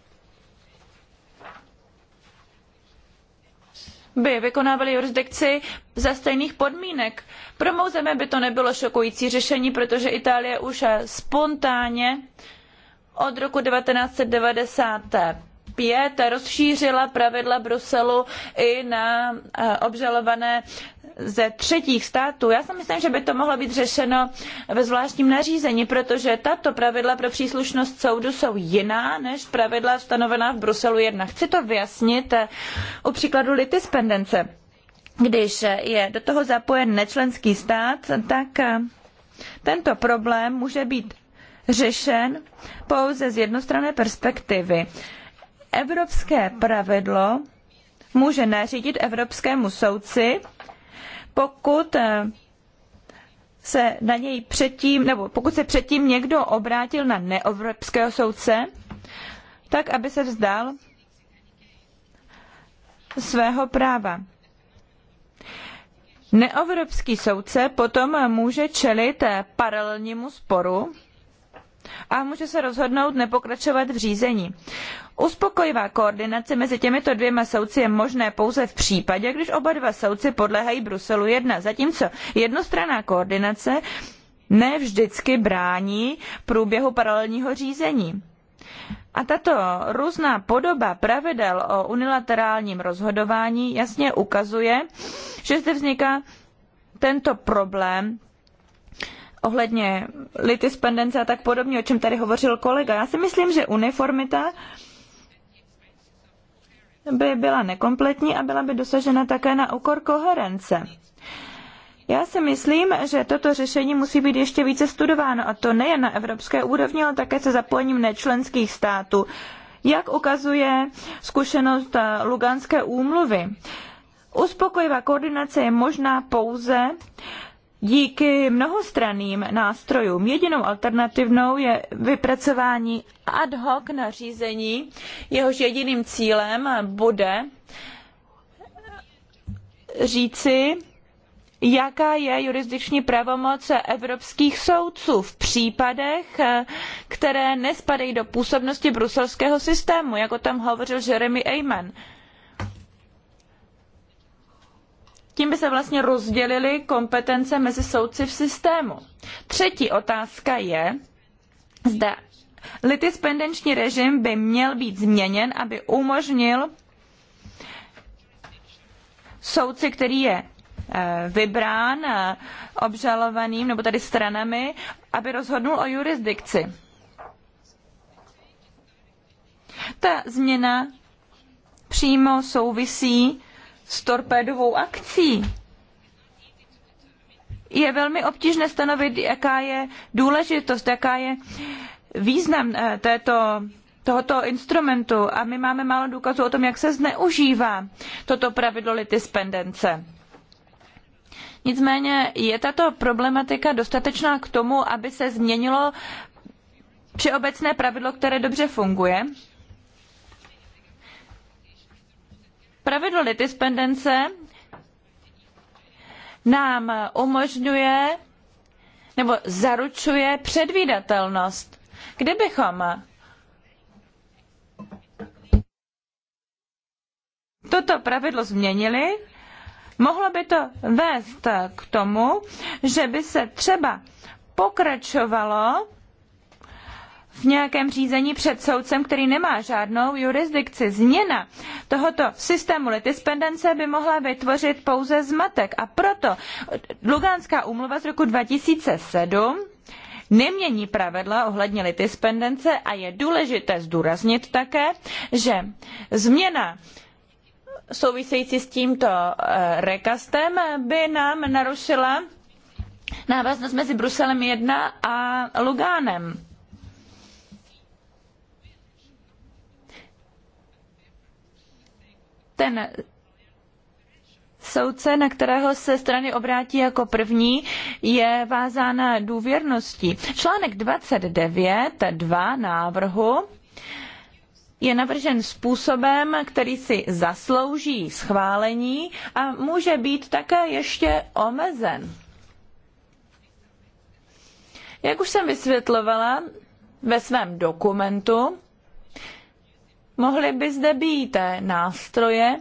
by vykonávali jurisdikci za stejných podmínek. Pro mou zemi by to nebylo šokující řešení, protože Itálie už spontánně od roku 1995 5 rozšířila pravidla Bruselu i na eh, obžalované ze třetích států. Já si myslím, že by to mohlo být řešeno ve zvláštním nařízení, protože tato pravidla pro příslušnost soudu jsou jiná než pravidla stanovená v Bruselu 1. Chci to vyjasnit eh, u příkladu litispendence. Když je do toho zapojen nečlenský stát, tak eh, tento problém může být řešen pouze z jednostranné perspektivy evropské pravidlo může nařídit evropskému soudci, pokud eh, se na něj předtím, nebo pokud se předtím někdo obrátil na neevropského soudce, tak aby se vzdal svého práva. Neevropský soudce potom může čelit eh, paralelnímu sporu a může se rozhodnout nepokračovat v řízení. Uspokojivá koordinace mezi těmito dvěma soudci je možné pouze v případě, když oba dva soudci podléhají Bruselu 1, zatímco jednostranná koordinace ne vždycky brání průběhu paralelního řízení. A tato různá podoba pravidel o unilaterálním rozhodování jasně ukazuje, že zde vzniká tento problém ohledně litispendence a tak podobně, o čem tady hovořil kolega. Já si myslím, že uniformita by byla nekompletní a byla by dosažena také na úkor koherence. Já si myslím, že toto řešení musí být ještě více studováno, a to nejen na evropské úrovni, ale také se zapojením nečlenských států, jak ukazuje zkušenost eh, Luganské úmluvy. Uspokojivá koordinace je možná pouze, díky mnohostranným nástrojům. Jedinou alternativnou je vypracování ad hoc nařízení, jehož jediným cílem bude říci, jaká je jurisdikční pravomoc evropských soudců v případech, které nespadají do působnosti bruselského systému, jak o tom hovořil Jeremy Ayman. Tím by se vlastně rozdělily kompetence mezi soudci v systému. Třetí otázka je, zda litispendenční režim by měl být změněn, aby umožnil soudci, který je eh, vybrán eh, obžalovaným nebo tedy stranami, aby rozhodnul o jurisdikci. Ta změna přímo souvisí s torpédovou akcí, je velmi obtížné stanovit, jaká je důležitost, jaká je význam eh, této tohoto instrumentu a my máme málo důkazů o tom, jak se zneužívá toto pravidlo litispendence. Nicméně je tato problematika dostatečná k tomu, aby se změnilo všeobecné pravidlo, které dobře funguje? Pravidlo litispendence nám umožňuje nebo zaručuje předvídatelnost. Kdybychom toto pravidlo změnili, mohlo by to vést k tomu, že by se třeba pokračovalo v nějakém řízení před soudcem, který nemá žádnou jurisdikci. Změna tohoto systému litispendence by mohla vytvořit pouze zmatek a proto Lugánská úmluva z roku 2007 nemění pravidla ohledně litispendence a je důležité zdůraznit také, že změna související s tímto eh, rekastem by nám narušila návaznost mezi Bruselem 1 a Lugánem ten soudce, na kterého se strany obrátí jako první, je vázána důvěrností. Článek 29.2 návrhu je navržen způsobem, který si zaslouží schválení a může být také ještě omezen. Jak už jsem vysvětlovala ve svém dokumentu, mohly by zde být eh, nástroje,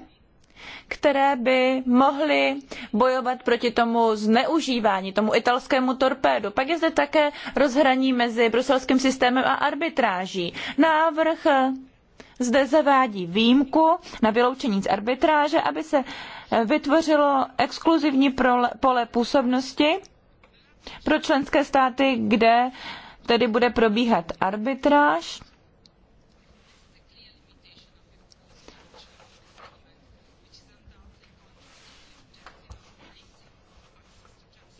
které by mohly bojovat proti tomu zneužívání, tomu italskému torpédu. Pak je zde také rozhraní mezi bruselským systémem a arbitráží. Návrh eh, zde zavádí výjimku na vyloučení z arbitráže, aby se eh, vytvořilo exkluzivní pole působnosti pro členské státy, kde tedy bude probíhat arbitráž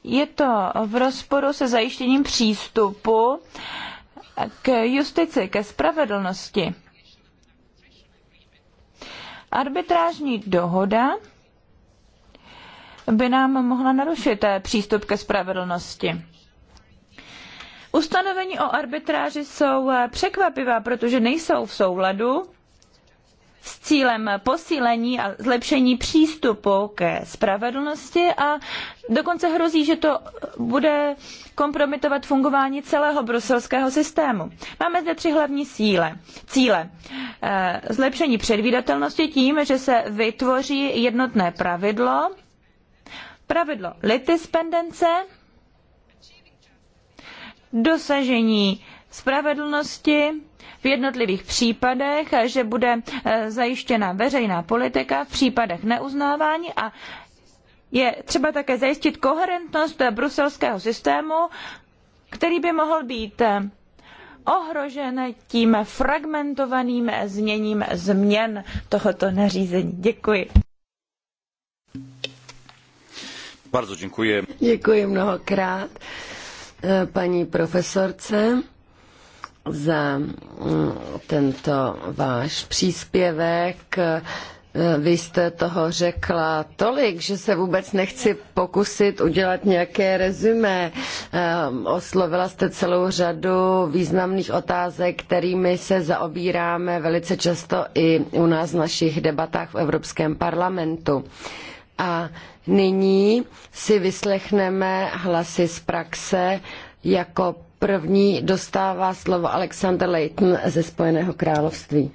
je to v rozporu se zajištěním přístupu k justici, ke spravedlnosti. Arbitrážní dohoda by nám mohla narušit eh, přístup ke spravedlnosti. Ustanovení o arbitráži jsou eh, překvapivá, protože nejsou v souladu s cílem posílení a zlepšení přístupu ke spravedlnosti a dokonce hrozí, že to bude kompromitovat fungování celého bruselského systému. Máme zde tři hlavní síle, cíle. Eh, zlepšení předvídatelnosti tím, že se vytvoří jednotné pravidlo, pravidlo litispendence, dosažení spravedlnosti v jednotlivých případech, že bude e, zajištěna veřejná politika v případech neuznávání a je třeba také zajistit koherentnost bruselského systému, který by mohl být e, ohrožen tím fragmentovaným zněním změn tohoto nařízení. Děkuji. Bardzo děkuji. Děkuji mnohokrát e, paní profesorce za mm, tento váš příspěvek. Vy jste toho řekla tolik, že se vůbec nechci pokusit udělat nějaké rezumé. Ehm, oslovila jste celou řadu významných otázek, kterými se zaobíráme velice často i u nás v našich debatách v Evropském parlamentu. A nyní si vyslechneme hlasy z praxe jako První dostává slovo Alexander Leighton ze Spojeného království.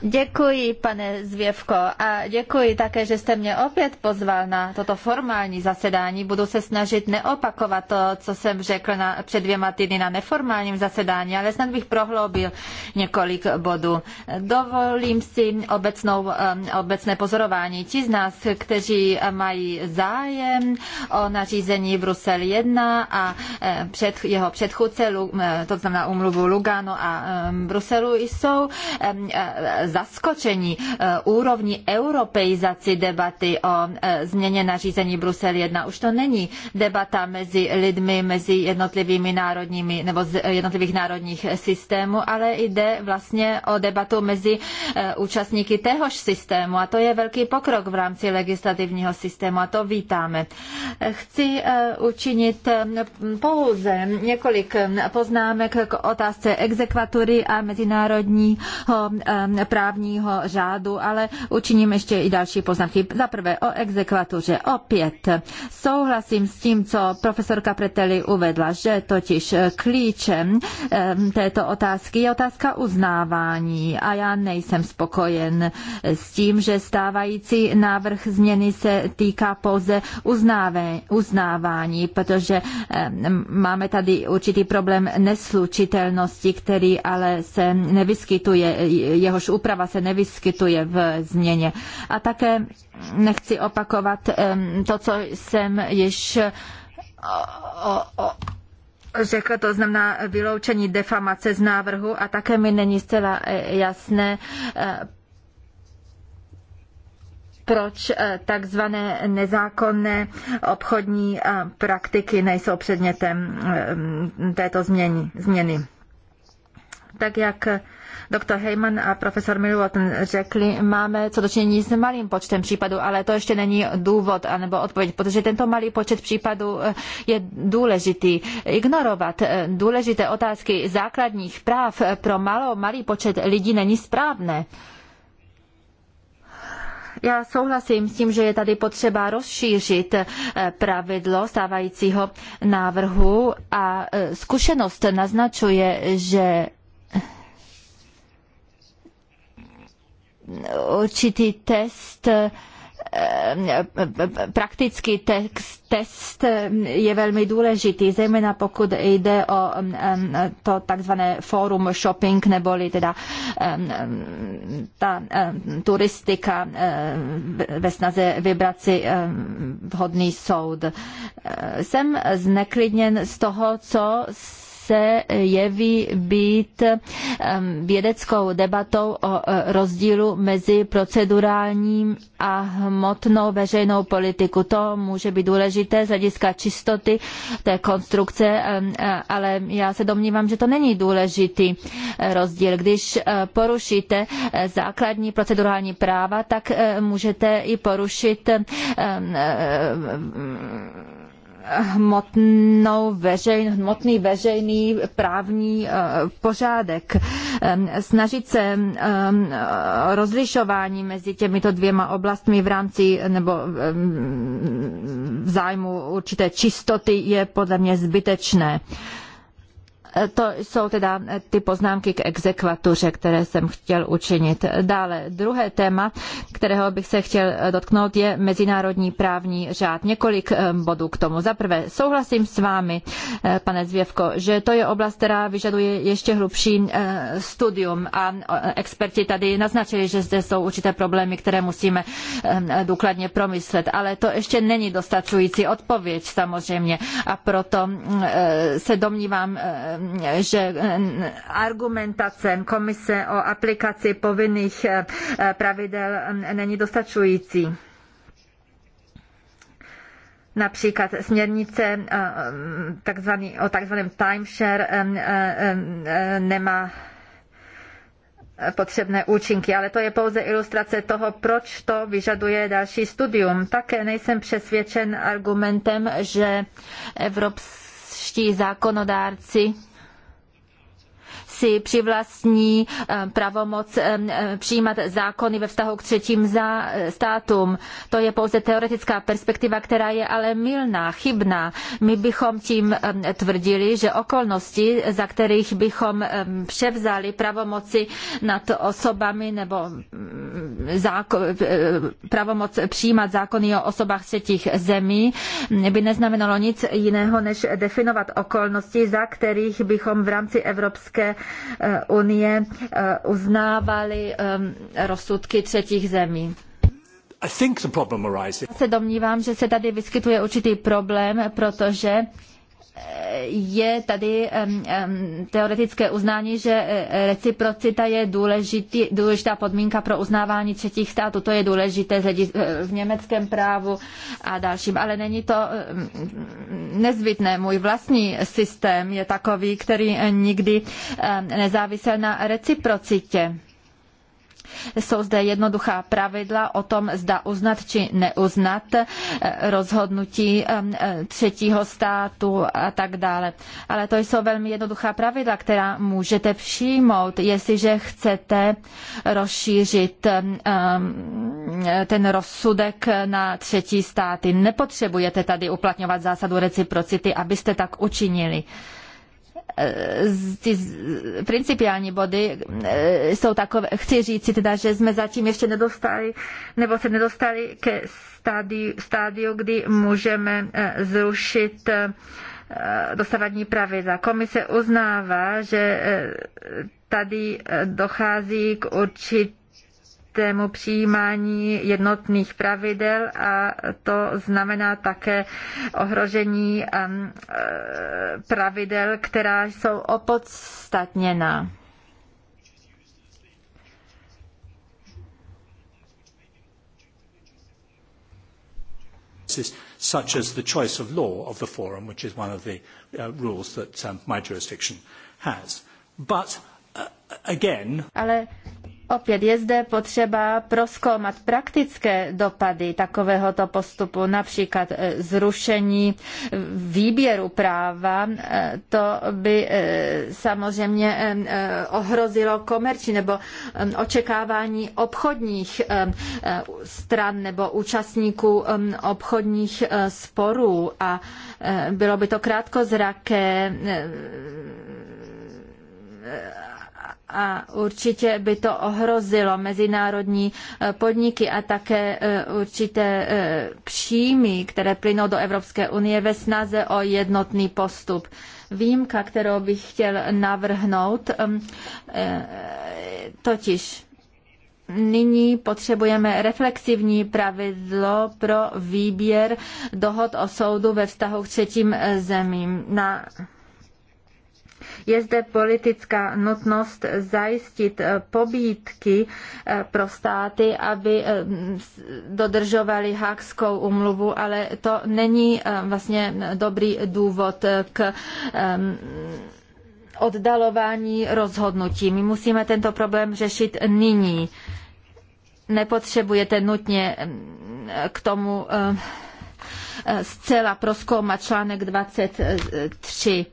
Děkuji, pane Zvěvko, a děkuji také, že jste mě opět pozval na toto formální zasedání. Budu se snažit neopakovat to, co jsem řekl na, před dvěma týdny na neformálním zasedání, ale snad bych prohloubil několik bodů. Dovolím si obecnou, eh, obecné pozorování. Ti z nás, kteří mají zájem o nařízení Brusel 1 a eh, před, jeho předchůdce, eh, to znamená umluvu Lugano a Bruselu, jsou e, zaskočeni e, úrovní europeizaci debaty o e, změně nařízení Brusel 1. Už to není debata mezi lidmi, mezi jednotlivými národními nebo z jednotlivých národních systémů, ale jde vlastně o debatu mezi účastníky téhož systému a to je velký pokrok v rámci legislativního systému a to vítáme. Chci učinit pouze několik poznámek k otázce exekvatury a mezinárodní mezinárodního právního řádu, ale učiním ještě i další poznámky. Za prvé o exekvatuře. Opět souhlasím s tím, co profesorka Preteli uvedla, že totiž klíčem této otázky je otázka uznávání a já nejsem spokojen s tím, že stávající návrh změny se týká pouze uznávání, protože máme tady určitý problém neslučitelnosti, který ale se nevyskytuje, jehož úprava se nevyskytuje v změně. A také nechci opakovat to, co jsem již o, o, řekl, to znamená vyloučení defamace z návrhu a také mi není zcela e, jasné, e, proč e, takzvané nezákonné obchodní praktiky nejsou předmětem této změny. Tak jak doktor Heyman a profesor Milwaukee řekli, máme co dočinění s malým počtem případů, ale to ještě není důvod anebo odpověď, protože tento malý počet případů eh, je důležitý. Ignorovat eh, důležité otázky základních práv eh, pro malo, malý počet lidí není správné. Já souhlasím s tím, že je tady potřeba rozšířit pravidlo stávajícího návrhu a zkušenost naznačuje, že určitý test eh, praktický text, test je velmi důležitý, zejména pokud jde o to takzvané forum shopping, neboli teda ta turistika eh, ve snaze vybrat si vhodný soud. Eh, jsem zneklidněn z toho, co se jeví být vědeckou debatou o e, rozdílu mezi procedurálním a hmotnou veřejnou politiku. To může být důležité z hlediska čistoty té konstrukce, e, ale já se domnívám, že to není důležitý e, rozdíl. Když porušíte základní procedurální práva, tak můžete i porušit hmotnou veřejn, hmotný veřejný právní eh, pořádek. Ehm, snažit se ehm, eh, rozlišování mezi těmito dvěma oblastmi v rámci nebo ehm, v zájmu určité čistoty je podle mě zbytečné. To jsou teda ty poznámky k exekvatuře, které jsem chtěl učinit. Dále druhé téma, kterého bych se chtěl dotknout, je mezinárodní právní řád. Několik eh, bodů k tomu. Za prvé, souhlasím s vámi, eh, pane Zvěvko, že to je oblast, která vyžaduje ještě hlubší eh, studium a experti tady naznačili, že zde jsou určité problémy, které musíme důkladně promyslet, ale to ještě není dostačující odpověď samozřejmě a proto mm, se domnívám, že eh, argumentace komise o aplikaci povinných eh, pravidel eh, není dostačující například směrnice takzvaný, o takzvaném timeshare nemá potřebné účinky, ale to je pouze ilustrace toho, proč to vyžaduje další studium. Také nejsem přesvědčen argumentem, že evropští zákonodárci si přivlastní eh, pravomoc eh, eh, přijímat zákony ve vztahu k třetím státům. To je pouze teoretická perspektiva, která je ale mylná, chybná. My bychom tím tvrdili, že okolnosti, za kterých bychom převzali pravomoci nad osobami nebo mm, zákon, pravomoc přijímat zákony o osobách třetích zemí, by neznamenalo nic jiného, než definovat okolnosti, za kterých bychom v rámci Evropské Eh, unie eh, uznávaly eh, rozsudky třetích zemí. Já se domnívám, že se tady vyskytuje určitý problém, protože je tady teoretické uznání, že e, reciprocita je důležitý, důležitá podmínka pro uznávání třetích států. To je důležité e, v německém právu a dalším, ale není to nezbytné. Můj vlastní systém je takový, který nikdy nezávisel na reciprocitě. Jsou zde jednoduchá pravidla o tom, zda uznat či neuznat eh, rozhodnutí eh, eh, třetího státu a tak dále. Ale to jsou velmi jednoduchá pravidla, která můžete přijmout, jestliže chcete rozšířit ten rozsudek na třetí státy. Nepotřebujete tady uplatňovat zásadu reciprocity, abyste tak učinili ty principiální body e, jsou takové, chci říct teda, že jsme zatím ještě nedostali, nebo se nedostali ke stádiu, stádiu kdy můžeme e, zrušit e, dosavadní pravidla. Komise uznává, že tady dochází k určitě určitému přijímání jednotných pravidel a to znamená také ohrožení eh, pravidel, která jsou opodstatněná. such as the choice of law of the forum, which is one of the uh, rules that um, my jurisdiction has. But uh, again, Ale Opět je zde potřeba proskoumat praktické dopady takovéhoto postupu, například e, zrušení výběru práva. E, to by e, samozřejmě ohrozilo komerční nebo očekávání obchodních stran nebo účastníků obchodních sporů a bylo by to krátkozraké a určitě by to ohrozilo mezinárodní e, podniky a také e, určité e, příjmy, které plynou do Evropské unie ve snaze o jednotný postup. Výjimka, kterou bych chtěl navrhnout, totiž Nyní potřebujeme reflexivní pravidlo pro výběr dohod o soudu ve vztahu k třetím zemím. Na je zde politická nutnost zajistit eh, pobídky eh, pro státy, aby eh, dodržovali Hákskou umluvu, ale to není vlastně dobrý důvod k ehm, oddalování rozhodnutí. My musíme tento problém řešit nyní. Nepotřebujete nutně ehm, k tomu zcela proskoumat článek 23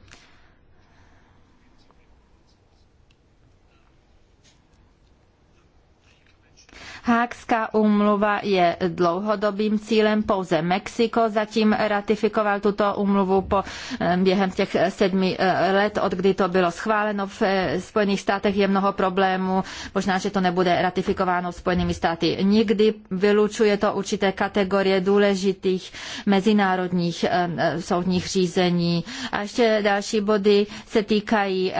Hákská úmluva je dlouhodobým cílem, pouze Mexiko zatím ratifikoval tuto úmluvu po, eh, během těch eh, sedmi eh, let, od kdy to bylo schváleno. V Spojených státech je mnoho problémů, možná, že to nebude ratifikováno Spojenými státy nikdy. Vylučuje to určité kategorie důležitých mezinárodních soudních řízení. A ještě další body se týkají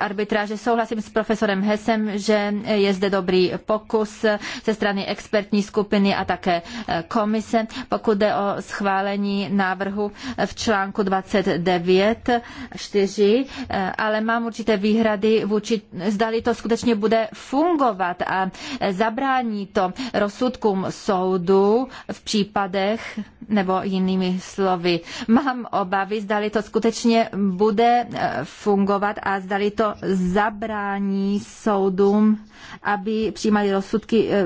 arbitráže. Souhlasím s profesorem Hesem, že je zde dobrý pokus pokus ze strany expertní skupiny a také eh, komise. Pokud jde o schválení návrhu v článku 29 4, eh, ale mám určité výhrady vůči, zdali to skutečně bude fungovat a eh, zabrání to rozsudkům soudu v případech, nebo jinými slovy, mám obavy, zdali to skutečně bude fungovat a zdali to zabrání soudům, aby přijímali rozsudky rozsudky, eh,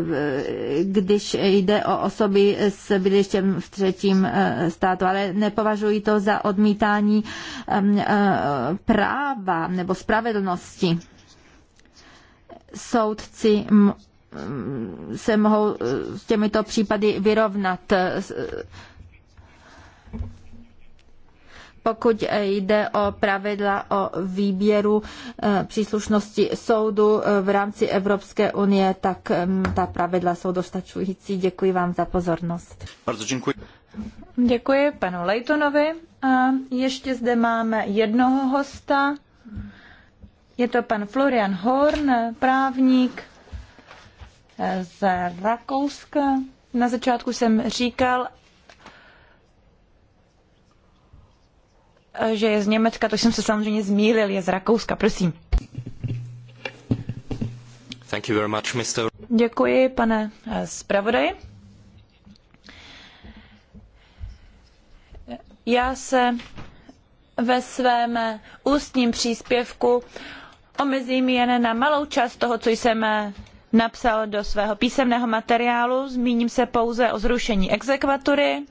když jde o osoby s bydlištěm v třetím eh, státu, ale nepovažují to za odmítání eh, práva nebo spravedlnosti. Soudci se mohou s těmito případy vyrovnat pokud jde o pravidla o výběru eh, příslušnosti soudu eh, v rámci Evropské unie, tak mm, ta pravidla jsou dostačující. Děkuji vám za pozornost. Bardzo děkuji. Děkuji panu Lejtonovi. A ještě zde máme jednoho hosta. Je to pan Florian Horn, právník eh, z Rakouska. Na začátku jsem říkal, že je z Německa, to jsem se samozřejmě zmýlil, je z Rakouska, prosím. Thank you very much, Mr. Děkuji, pane eh, zpravodaji. Já se ve svém ústním příspěvku omezím jen na malou část toho, co jsem eh, napsal do svého písemného materiálu. Zmíním se pouze o zrušení exekvatury,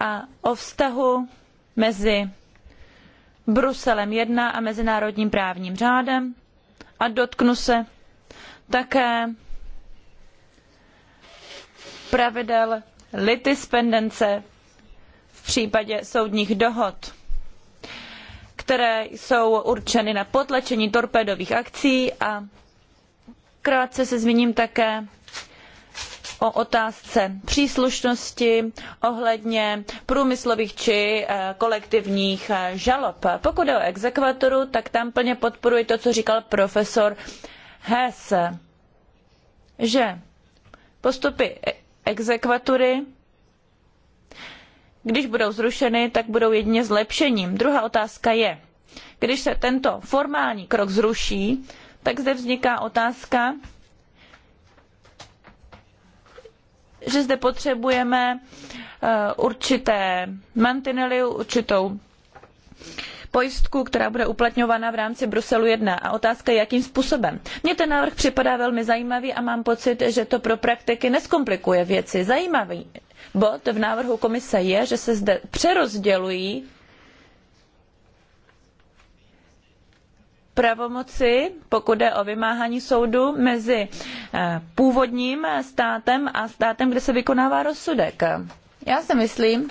a o vztahu mezi Bruselem I a mezinárodním právním řádem a dotknu se také pravidel litispendence v případě soudních dohod které jsou určeny na potlačení torpédových akcí a krátce se zmíním také o otázce příslušnosti ohledně průmyslových či eh, kolektivních eh, žalob. Pokud jde o exekvatoru, tak tam plně podporuji to, co říkal profesor Hess, že postupy e-, exekvatury když budou zrušeny, tak budou jedině zlepšením. Druhá otázka je, když se tento formální krok zruší, tak zde vzniká otázka, že zde potřebujeme eh, určité mantinely, určitou pojistku, která bude uplatňována v rámci Bruselu 1 a otázka je, jakým způsobem. Mně ten návrh připadá velmi zajímavý a mám pocit, že to pro praktiky neskomplikuje věci. Zajímavý bod v návrhu komise je, že se zde přerozdělují pravomoci, pokud jde o vymáhání soudu, mezi eh, původním státem a státem, kde se vykonává rozsudek. Já si myslím,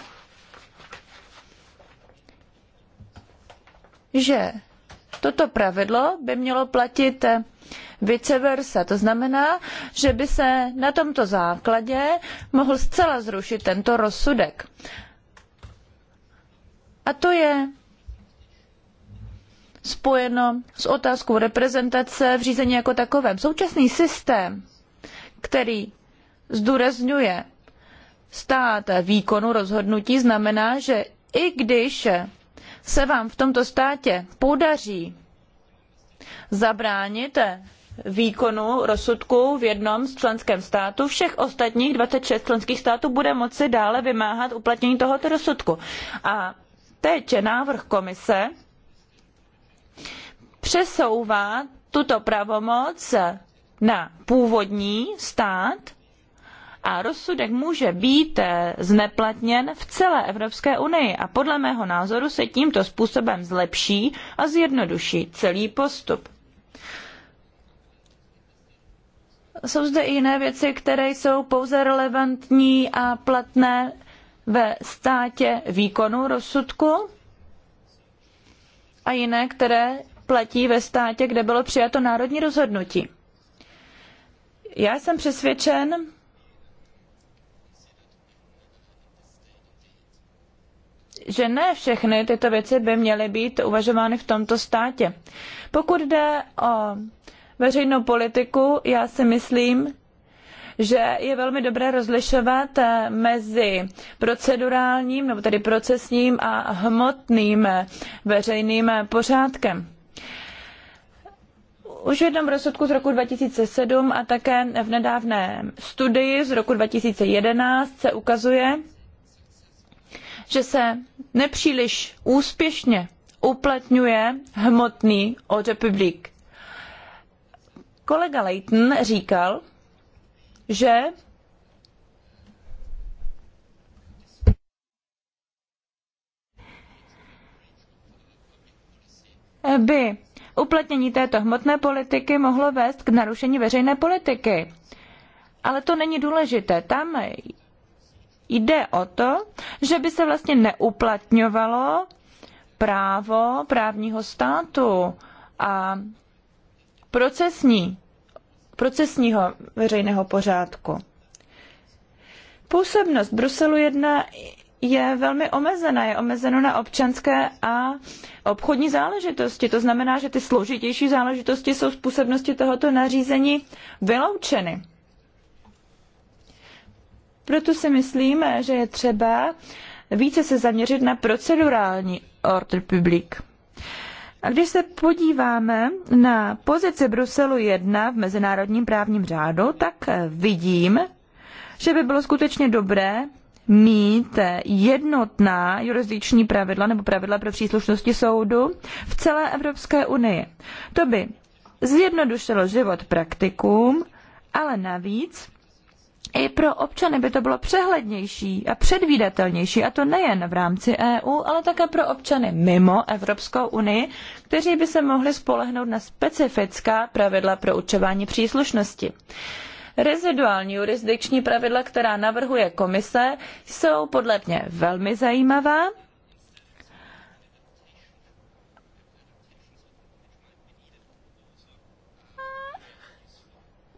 že toto pravidlo by mělo platit vice versa. To znamená, že by se na tomto základě mohl zcela zrušit tento rozsudek. A to je spojeno s otázkou reprezentace v řízení jako takovém. Současný systém, který zdůrazňuje stát výkonu rozhodnutí, znamená, že i když se vám v tomto státě podaří zabránit výkonu rozsudku v jednom z členském státu, všech ostatních 26 členských států bude moci dále vymáhat uplatnění tohoto rozsudku. A teď návrh komise přesouvá tuto pravomoc na původní stát a rozsudek může být eh, zneplatněn v celé Evropské unii a podle mého názoru se tímto způsobem zlepší a zjednoduší celý postup. Jsou zde i jiné věci, které jsou pouze relevantní a platné ve státě výkonu rozsudku a jiné, které platí ve státě, kde bylo přijato národní rozhodnutí. Já jsem přesvědčen, že ne všechny tyto věci by měly být uvažovány v tomto státě. Pokud jde o veřejnou politiku, já si myslím, že je velmi dobré rozlišovat eh, mezi procedurálním nebo tedy procesním a hmotným eh, veřejným eh, pořádkem už v jednom rozsudku z roku 2007 a také v nedávné studii z roku 2011 se ukazuje, že se nepříliš úspěšně uplatňuje hmotný odepublik. Kolega Leighton říkal, že by uplatnění této hmotné politiky mohlo vést k narušení veřejné politiky. Ale to není důležité. Tam jde o to, že by se vlastně neuplatňovalo právo právního státu a procesní, procesního veřejného pořádku. Působnost Bruselu 1 je velmi omezená, je omezeno na občanské a obchodní záležitosti. To znamená, že ty složitější záležitosti jsou z působnosti tohoto nařízení vyloučeny. Proto si myslím, že je třeba více se zaměřit na procedurální ordre public. A když se podíváme na pozici Bruselu 1 v mezinárodním právním řádu, tak vidím, že by bylo skutečně dobré mít jednotná jurisdikční pravidla nebo pravidla pro příslušnosti soudu v celé Evropské unii. To by zjednodušilo život praktikům, ale navíc i pro občany by to bylo přehlednější a předvídatelnější, a to nejen v rámci EU, ale také pro občany mimo Evropskou unii, kteří by se mohli spolehnout na specifická pravidla pro určování příslušnosti. Reziduální jurisdikční pravidla, která navrhuje komise, jsou podle mě velmi zajímavá.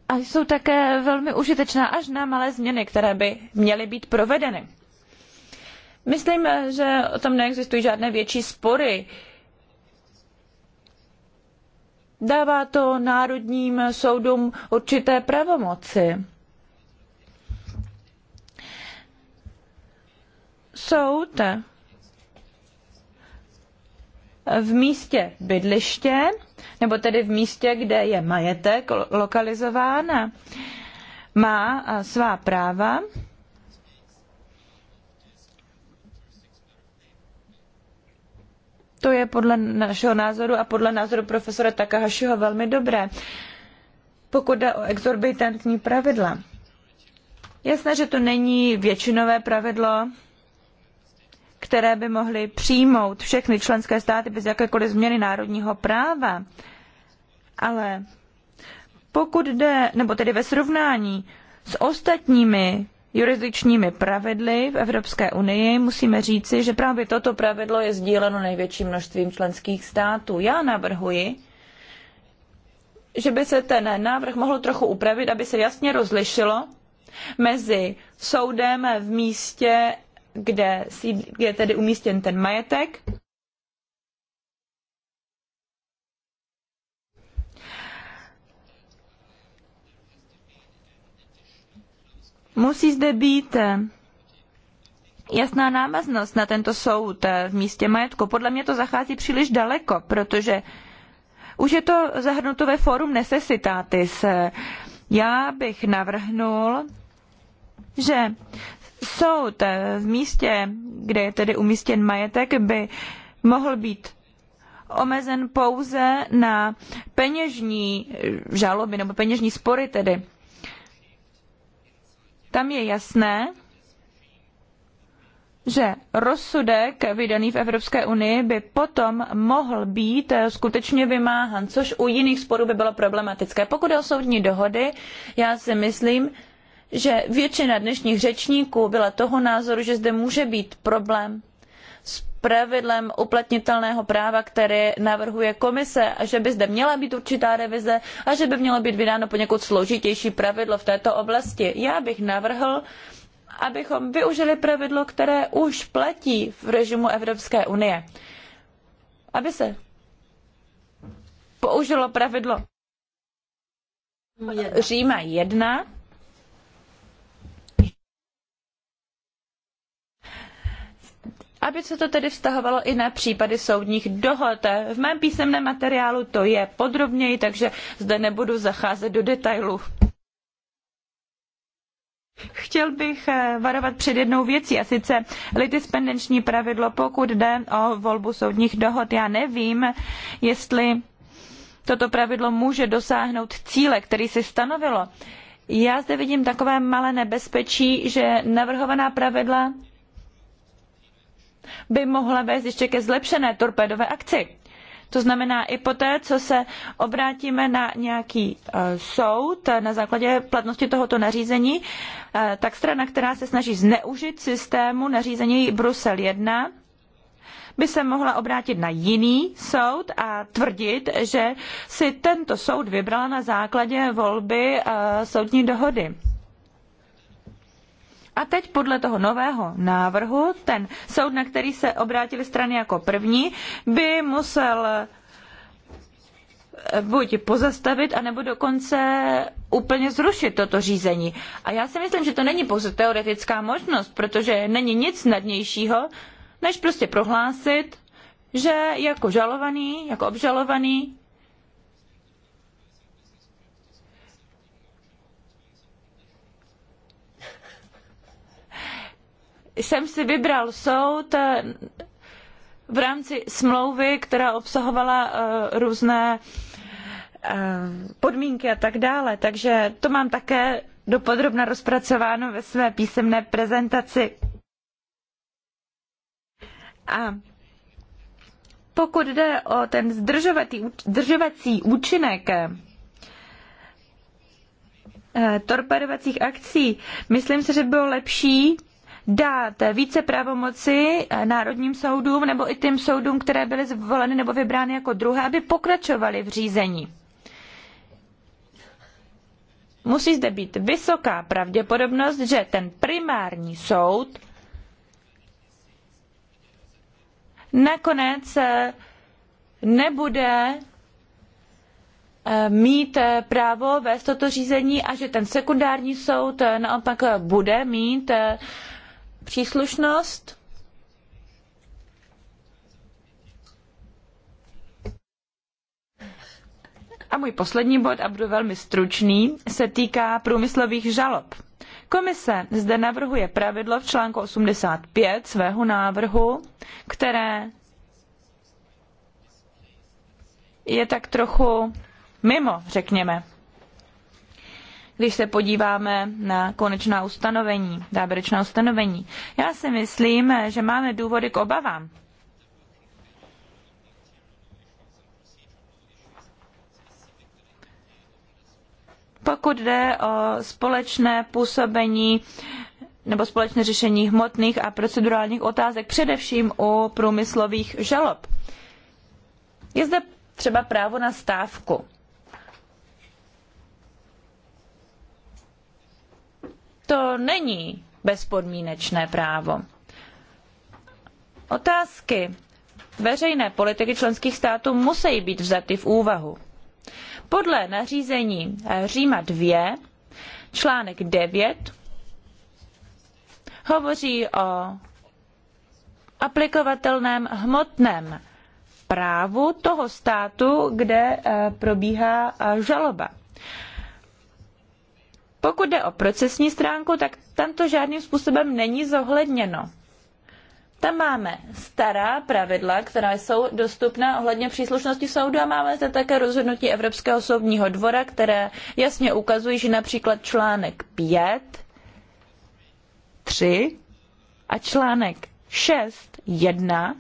A jsou také velmi užitečná až na malé změny, které by měly být provedeny. Myslím, že o tom neexistují žádné větší spory. Dává to národním soudům určité pravomoci. Soud v místě bydliště, nebo tedy v místě, kde je majetek lokalizován, má svá práva To je podle našeho názoru a podle názoru profesora Takahashiho velmi dobré, pokud jde o exorbitantní pravidla. Jasné, že to není většinové pravidlo, které by mohly přijmout všechny členské státy bez jakékoliv změny národního práva. Ale pokud jde, nebo tedy ve srovnání s ostatními jurisdičními pravidly v Evropské unii, musíme říci, že právě toto pravidlo je sdíleno největším množstvím členských států. Já navrhuji, že by se ten návrh mohl trochu upravit, aby se jasně rozlišilo mezi soudem v místě, kde je tedy umístěn ten majetek Musí zde být eh, jasná návaznost na tento soud eh, v místě majetku. Podle mě to zachází příliš daleko, protože už je to zahrnuto ve fórum necessitatis. Eh, já bych navrhnul, že soud v místě, kde je tedy umístěn majetek, by mohl být omezen pouze na peněžní žaloby nebo peněžní spory tedy tam je jasné, že rozsudek vydaný v Evropské unii by potom mohl být skutečně vymáhan, což u jiných sporů by bylo problematické. Pokud je o soudní dohody, já si myslím, že většina dnešních řečníků byla toho názoru, že zde může být problém s pravidlem uplatnitelného práva, které navrhuje komise a že by zde měla být určitá revize a že by mělo být vydáno poněkud složitější pravidlo v této oblasti. Já bych navrhl, abychom využili pravidlo, které už platí v režimu Evropské unie. Aby se použilo pravidlo Říma 1, aby se to tedy vztahovalo i na případy soudních dohod. V mém písemném materiálu to je podrobněji, takže zde nebudu zacházet do detailů. Chtěl bych eh, varovat před jednou věcí, a sice litispendenční pravidlo, pokud jde o volbu soudních dohod. Já nevím, jestli toto pravidlo může dosáhnout cíle, který si stanovilo. Já zde vidím takové malé nebezpečí, že navrhovaná pravidla by mohla vést ještě ke zlepšené torpédové akci. To znamená, i poté, co se obrátíme na nějaký eh, soud na základě platnosti tohoto nařízení, eh, tak strana, která se snaží zneužit systému nařízení Brusel 1, by se mohla obrátit na jiný soud a tvrdit, že si tento soud vybrala na základě volby eh, soudní dohody. A teď podle toho nového návrhu ten soud, na který se obrátili strany jako první, by musel eh, buď pozastavit, anebo dokonce úplně zrušit toto řízení. A já si myslím, že to není pouze teoretická možnost, protože není nic snadnějšího, než prostě prohlásit, že jako žalovaný, jako obžalovaný, jsem si vybral soud eh, v rámci smlouvy, která obsahovala eh, různé eh, podmínky a tak dále. Takže to mám také dopodrobna rozpracováno ve své písemné prezentaci. A pokud jde o ten zdržovací účinek torpedovacích akcí, myslím si, že bylo lepší dát více pravomoci eh, národním soudům nebo i těm soudům, které byly zvoleny nebo vybrány jako druhé, aby pokračovaly v řízení. Musí zde být vysoká pravděpodobnost, že ten primární soud nakonec eh, nebude eh, mít právo vést toto řízení a že ten sekundární soud naopak bude mít příslušnost. A můj poslední bod, a budu velmi stručný, se týká průmyslových žalob. Komise zde navrhuje pravidlo v článku 85 svého návrhu, které je tak trochu mimo, řekněme když se podíváme na konečná ustanovení, závěrečná ustanovení. Já si myslím, že máme důvody k obavám. Pokud jde o společné působení nebo společné řešení hmotných a procedurálních otázek, především u průmyslových žalob. Je zde třeba právo na stávku. to není bezpodmínečné právo. Otázky veřejné politiky členských států musí být vzaty v úvahu. Podle nařízení Říma 2, článek 9, hovoří o aplikovatelném hmotném právu toho státu, kde eh, probíhá eh, žaloba. Pokud jde o procesní stránku, tak tam to žádným způsobem není zohledněno. Tam máme stará pravidla, která jsou dostupná ohledně příslušnosti soudu a máme zde také rozhodnutí Evropského soudního dvora, které jasně ukazují, že například článek 5, 3 a článek 6, 1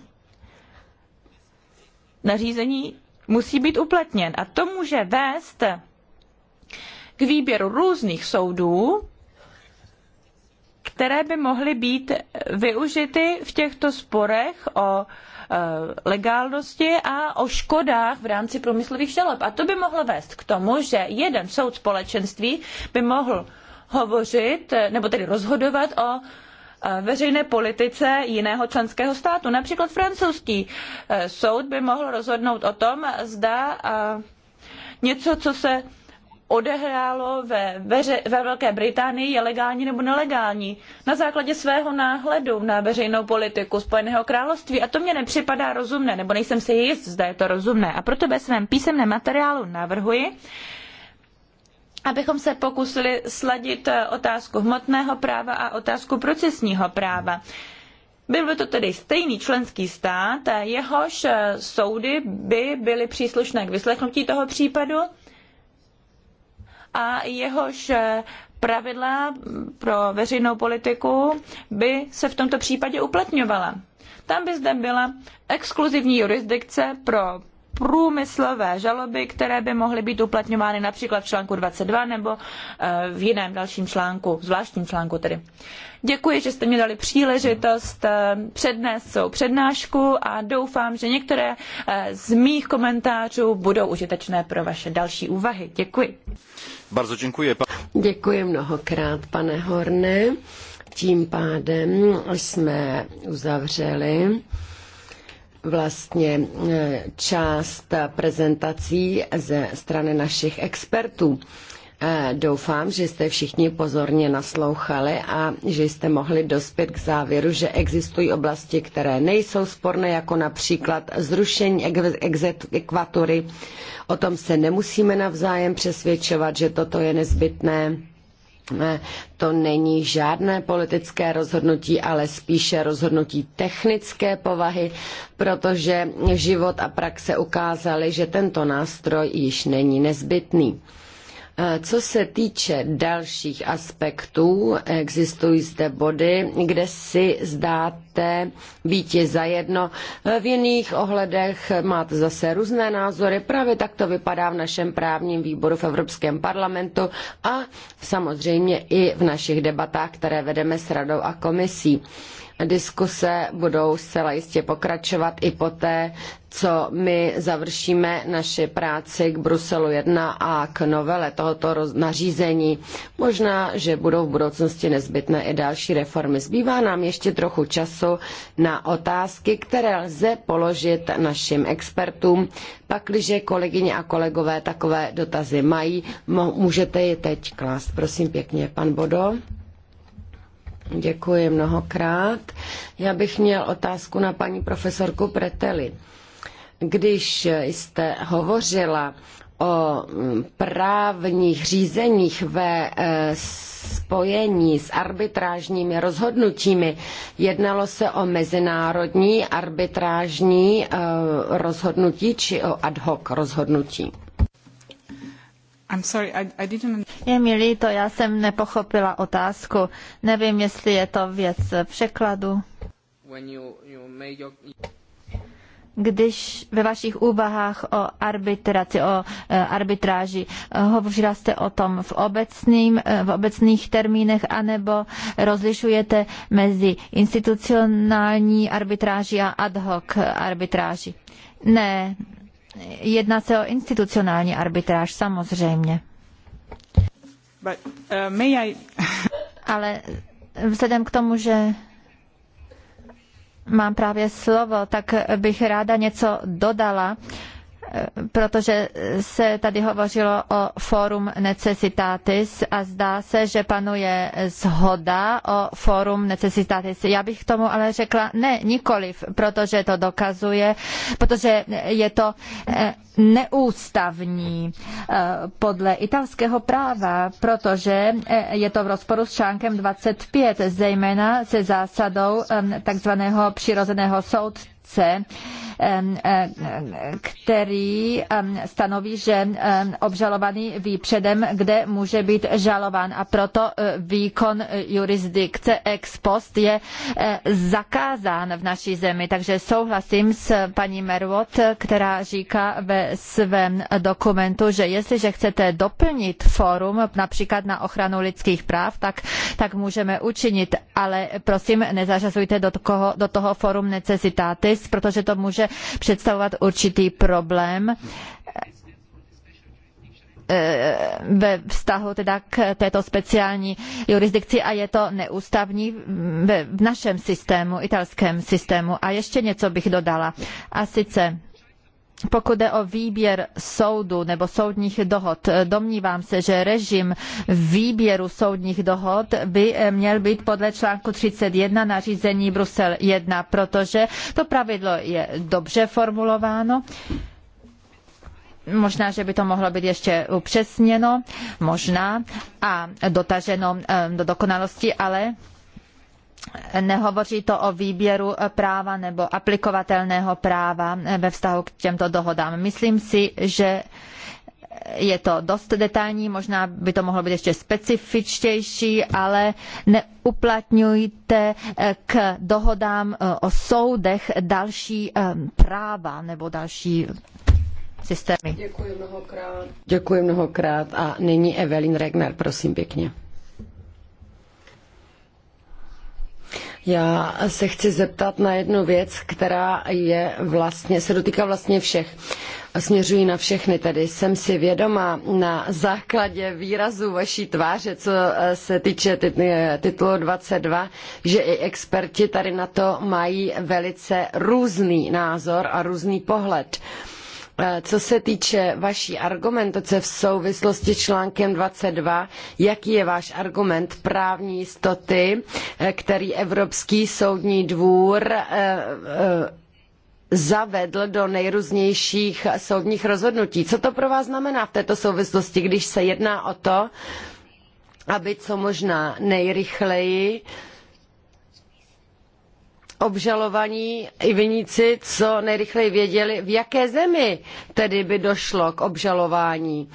nařízení musí být uplatněn. A to může vést k výběru různých soudů, které by mohly být využity v těchto sporech o e, legálnosti a o škodách v rámci průmyslových žalob. A to by mohlo vést k tomu, že jeden soud společenství by mohl hovořit, nebo tedy rozhodovat o e, veřejné politice jiného členského státu. Například francouzský e, soud by mohl rozhodnout o tom, zda něco, co se odehrálo ve, veře, ve Velké Británii je legální nebo nelegální na základě svého náhledu na veřejnou politiku Spojeného království. A to mně nepřipadá rozumné, nebo nejsem si jist, zda je to rozumné. A proto ve svém písemném materiálu navrhuji, abychom se pokusili sladit eh, otázku hmotného práva a otázku procesního práva. Byl by to tedy stejný členský stát, jehož eh, soudy by byly příslušné k vyslechnutí toho případu a jehož eh, pravidla pro veřejnou politiku by se v tomto případě uplatňovala. Tam by zde byla exkluzivní jurisdikce pro průmyslové žaloby, které by mohly být uplatňovány například v článku 22 nebo eh, v jiném dalším článku, zvláštním článku tedy. Děkuji, že jste mi dali příležitost eh, přednést svou přednášku a doufám, že některé eh, z mých komentářů budou užitečné pro vaše další úvahy. Děkuji. Bardzo děkuji. Děkuji mnohokrát, pane Horne. Tím pádem jsme uzavřeli vlastně e, část prezentací ze strany našich expertů. E, doufám, že jste všichni pozorně naslouchali a že jste mohli dospět k závěru, že existují oblasti, které nejsou sporné, jako například zrušení ekvatory. O tom se nemusíme navzájem přesvědčovat, že toto je nezbytné Eh, to není žádné politické rozhodnutí, ale spíše rozhodnutí technické povahy, protože život a praxe ukázaly, že tento nástroj již není nezbytný. Co se týče dalších aspektů, existují zde body, kde si zdáte být je zajedno. V jiných ohledech máte zase různé názory. Právě tak to vypadá v našem právním výboru v Evropském parlamentu a samozřejmě i v našich debatách, které vedeme s radou a komisí. Diskuse budou zcela jistě pokračovat i poté, co my završíme naši práci k Bruselu 1 a k novele tohoto nařízení. Možná, že budou v budoucnosti nezbytné i další reformy. Zbývá nám ještě trochu času na otázky, které lze položit našim expertům. Pakliže kolegyně a kolegové takové dotazy mají, můžete je teď klást. Prosím pěkně, pan Bodo. Děkuji mnohokrát. Já bych měl otázku na paní profesorku Preteli. Když jste hovořila o právních řízeních ve eh, spojení s arbitrážními rozhodnutími. Jednalo se o mezinárodní arbitrážní eh, rozhodnutí či o ad hoc rozhodnutí? I'm sorry, I, I didn't... Je mi líto, já jsem nepochopila otázku. Nevím, jestli je to věc překladu. You, you your... Když ve vašich úvahách o arbitraci, o e, arbitráži, e, hovořila jste o tom v, obecným, e, v obecných termínech, anebo rozlišujete mezi institucionální arbitráží a ad hoc arbitráží? Ne, Jedná se o institucionální arbitráž, samozřejmě. But, uh, may I... Ale vzhledem k tomu, že mám právě slovo, tak bych ráda něco dodala. Uh, protože se tady hovořilo o forum necessitatis a zdá se, že panuje zhoda o forum necessitatis. Já bych tomu ale řekla ne, nikoliv, protože to dokazuje, protože je to eh, neústavní eh, podle italského práva, protože eh, je to v rozporu s článkem 25, zejména se zásadou takzvaného přirozeného soudce rámce, který stanoví, že obžalovaný ví předem, kde může být žalován a proto e, výkon jurisdikce ex post je e, zakázán v naší zemi. Takže souhlasím s paní Merwot, která říká ve svém dokumentu, že jestliže chcete doplnit fórum například na ochranu lidských práv, tak, tak můžeme učinit, ale prosím, nezařazujte do toho, do toho forum necesitáty kompromis, protože to může představovat určitý problém eh, ve vztahu teda k této speciální jurisdikci a je to neústavní v našem systému, italském systému. A ještě něco bych dodala. A sice pokud jde o výběr soudu nebo soudních dohod, domnívám se, že režim výběru soudních dohod by eh, měl být podle článku 31 nařízení Brusel 1, protože to pravidlo je dobře formulováno. Možná, že by to mohlo být ještě upřesněno, možná a dotaženo eh, do dokonalosti, ale Nehovoří to o výběru práva nebo aplikovatelného práva ve vztahu k těmto dohodám. Myslím si, že je to dost detailní, možná by to mohlo být ještě specifičtější, ale neuplatňujte k dohodám o soudech další eh, práva nebo další systémy. Děkuji mnohokrát. Děkuji mnohokrát a nyní Evelyn Regner, prosím pěkně. Já se chci zeptat na jednu věc, která je vlastně, se dotýká vlastně všech. Směřují na všechny tedy. Jsem si vědoma na základě výrazu vaší tváře, co eh, se týče eh, titulu 22, že i experti tady na to mají velice různý názor a různý pohled. Uh, Eh, co se týče vaší argumentace v souvislosti s článkem 22, jaký je váš argument právní jistoty, eh, který Evropský soudní dvůr eh, zavedl do nejrůznějších soudních rozhodnutí. Co to pro vás znamená v této souvislosti, když se jedná o to, aby co možná nejrychleji uh, obžalovaní i viníci co nejrychleji věděli, v jaké zemi tedy by došlo k obžalování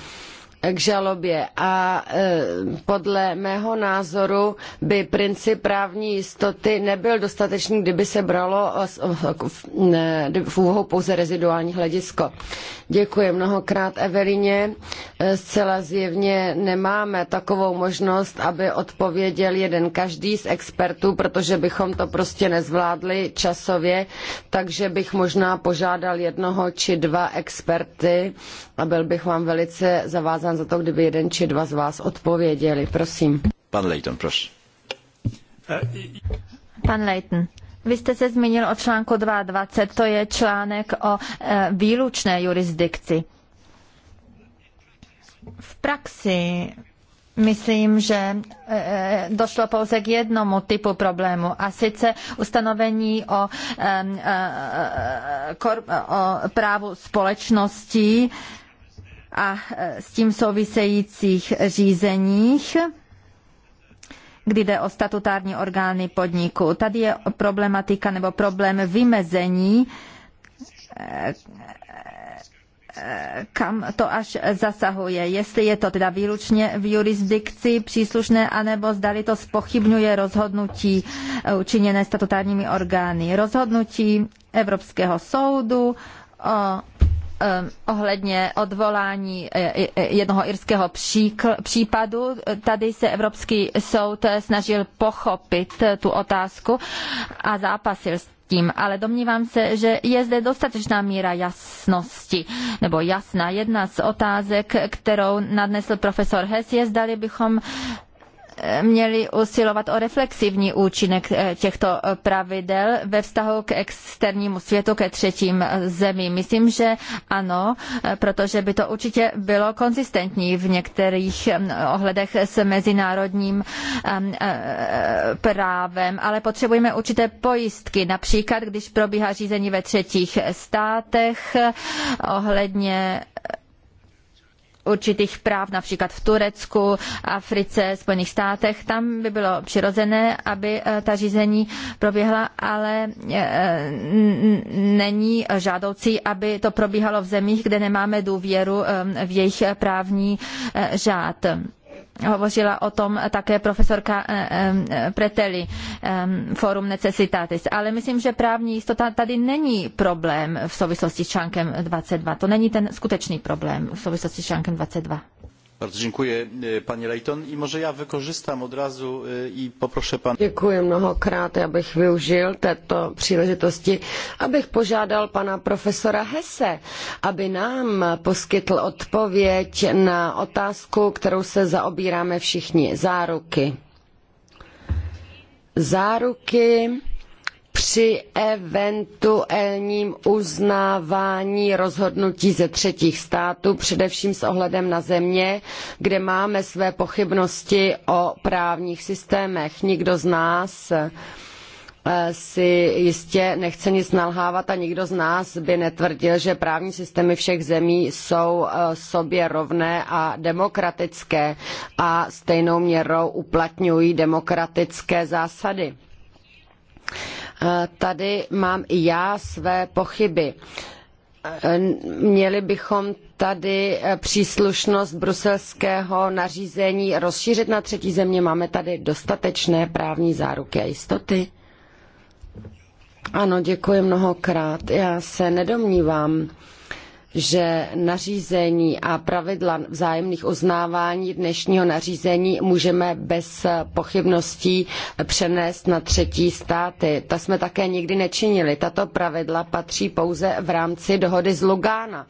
k žalobě a e, podle mého názoru by princip právní jistoty nebyl dostatečný, kdyby se bralo v úvahu pouze reziduální hledisko. Děkuji mnohokrát Evelině. E, zcela zjevně nemáme takovou možnost, aby odpověděl jeden každý z expertů, protože bychom to prostě nezvládli časově, takže bych možná požádal jednoho či dva experty, a byl bych vám velice zavázán za to, kdyby jeden či dva z vás odpověděli. Prosím. Pan Leighton, prosím. Pan Leighton, vy jste se zmínil o článku 22, to je článek o e, výlučné jurisdikci. V praxi Myslím, že e, e, došlo pouze k jednomu typu problému, a sice ustanovení o, o právu společností, a e, s tím souvisejících řízeních kdy jde o statutární orgány podniku. Tady je problematika nebo problém vymezení, e, e, kam to až zasahuje. Jestli je to teda výlučně v jurisdikci příslušné, anebo zdali to spochybňuje rozhodnutí učiněné statutárními orgány. Rozhodnutí Evropského soudu o Ehm, ohledně odvolání e, e, e, jednoho irského případu. Tady se Evropský soud snažil pochopit tu otázku a zápasil s tím, ale domnívám se, že je zde dostatečná míra jasnosti, nebo jasná. Jedna z otázek, kterou nadnesl profesor Hess, je, zdali bychom měli usilovat o reflexivní účinek eh, těchto eh, pravidel ve vztahu k externímu světu, ke třetím eh, zemím. Myslím, že ano, protože by to určitě bylo konzistentní v některých ohledech s mezinárodním ehm, právem, ale potřebujeme určité pojistky, například když probíhá řízení ve třetích státech ohledně určitých práv, například v Turecku, Africe, Spojených státech. Tam by bylo přirozené, aby eh, ta řízení proběhla, ale eh, není žádoucí, aby to probíhalo v zemích, kde nemáme důvěru eh, v jejich právní řád hovořila o tom také profesorka eh, eh, Preteli, eh, Forum Necessitatis. Ale myslím, že právní jistota tady není problém v souvislosti s článkem 22. To není ten skutečný problém v souvislosti s článkem 22. Bardzo dziękuję e, panie Leighton i może já vykorzystám od razu e, i poproszę pan... Děkuji mnohokrát, abych využil této příležitosti, abych požádal pana profesora Hesse, aby nám poskytl odpověď na otázku, kterou se zaobíráme všichni, záruky. Záruky při eventuálním uznávání rozhodnutí ze třetích států, především s ohledem na země, kde máme své pochybnosti o právních systémech. Nikdo z nás eh, si jistě nechce nic nalhávat a nikdo z nás by netvrdil, že právní systémy všech zemí jsou eh, sobě rovné a demokratické a stejnou měrou uplatňují demokratické zásady. Eh, tady mám i já své pochyby. Eh, měli bychom tady eh, příslušnost bruselského nařízení rozšířit na třetí země. Máme tady dostatečné právní záruky a jistoty. Ano, děkuji mnohokrát. Já se nedomnívám, že nařízení a pravidla vzájemných uznávání dnešního nařízení můžeme bez pochybností přenést na třetí státy. To jsme také nikdy nečinili. Tato pravidla patří pouze v rámci dohody z Lugána.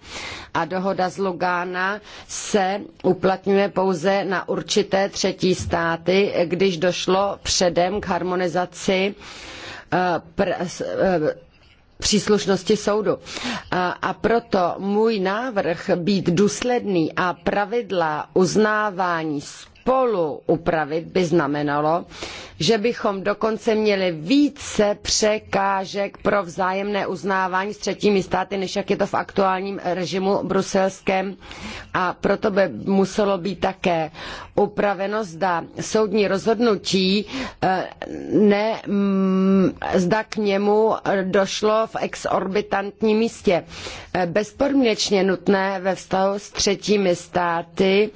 A dohoda z Lugána se uplatňuje pouze na určité třetí státy, když došlo předem k harmonizaci eh, eh, příslušnosti soudu. A, a proto můj návrh být důsledný a pravidla uznávání spolu upravit, by znamenalo, že bychom dokonce měli více překážek pro vzájemné uznávání s třetími státy, než jak je to v aktuálním režimu bruselském. A proto by muselo být také upraveno, zda soudní rozhodnutí eh, ne, mm, zda k němu došlo v exorbitantním místě. Eh, bezpodmínečně nutné ve vztahu s třetími státy,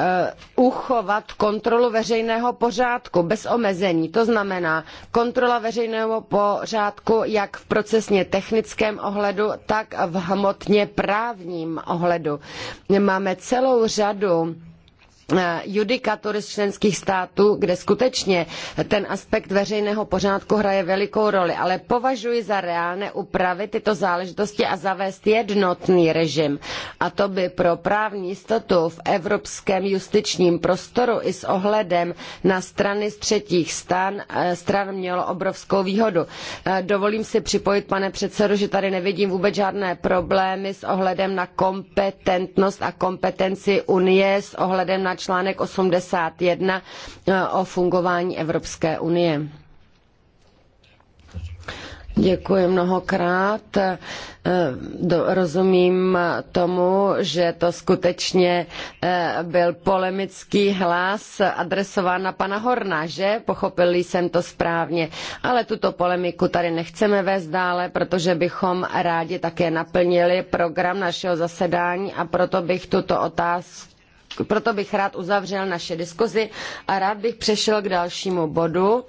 Eh, uchovat kontrolu veřejného pořádku bez omezení. To znamená kontrola veřejného pořádku jak v procesně technickém ohledu, tak v hmotně právním ohledu. Máme celou řadu Eh, judikatury z členských států, kde skutečně ten aspekt veřejného pořádku hraje velikou roli, ale považuji za reálné upravit tyto záležitosti a zavést jednotný režim. A to by pro právní jistotu v evropském justičním prostoru i s ohledem na strany z třetích stran, eh, stran mělo obrovskou výhodu. Eh, dovolím si připojit, pane předsedo, že tady nevidím vůbec žádné problémy s ohledem na kompetentnost a kompetenci Unie s ohledem na článek 81 eh, o fungování Evropské unie. Děkuji mnohokrát. Eh, rozumím tomu, že to skutečně eh, byl polemický hlas adresován na pana Horna, že? Pochopil jsem to správně. Ale tuto polemiku tady nechceme vést dále, protože bychom rádi také naplnili program našeho zasedání a proto bych tuto otázku proto bych rád uzavřel naše diskuzi a rád bych přešel k dalšímu bodu.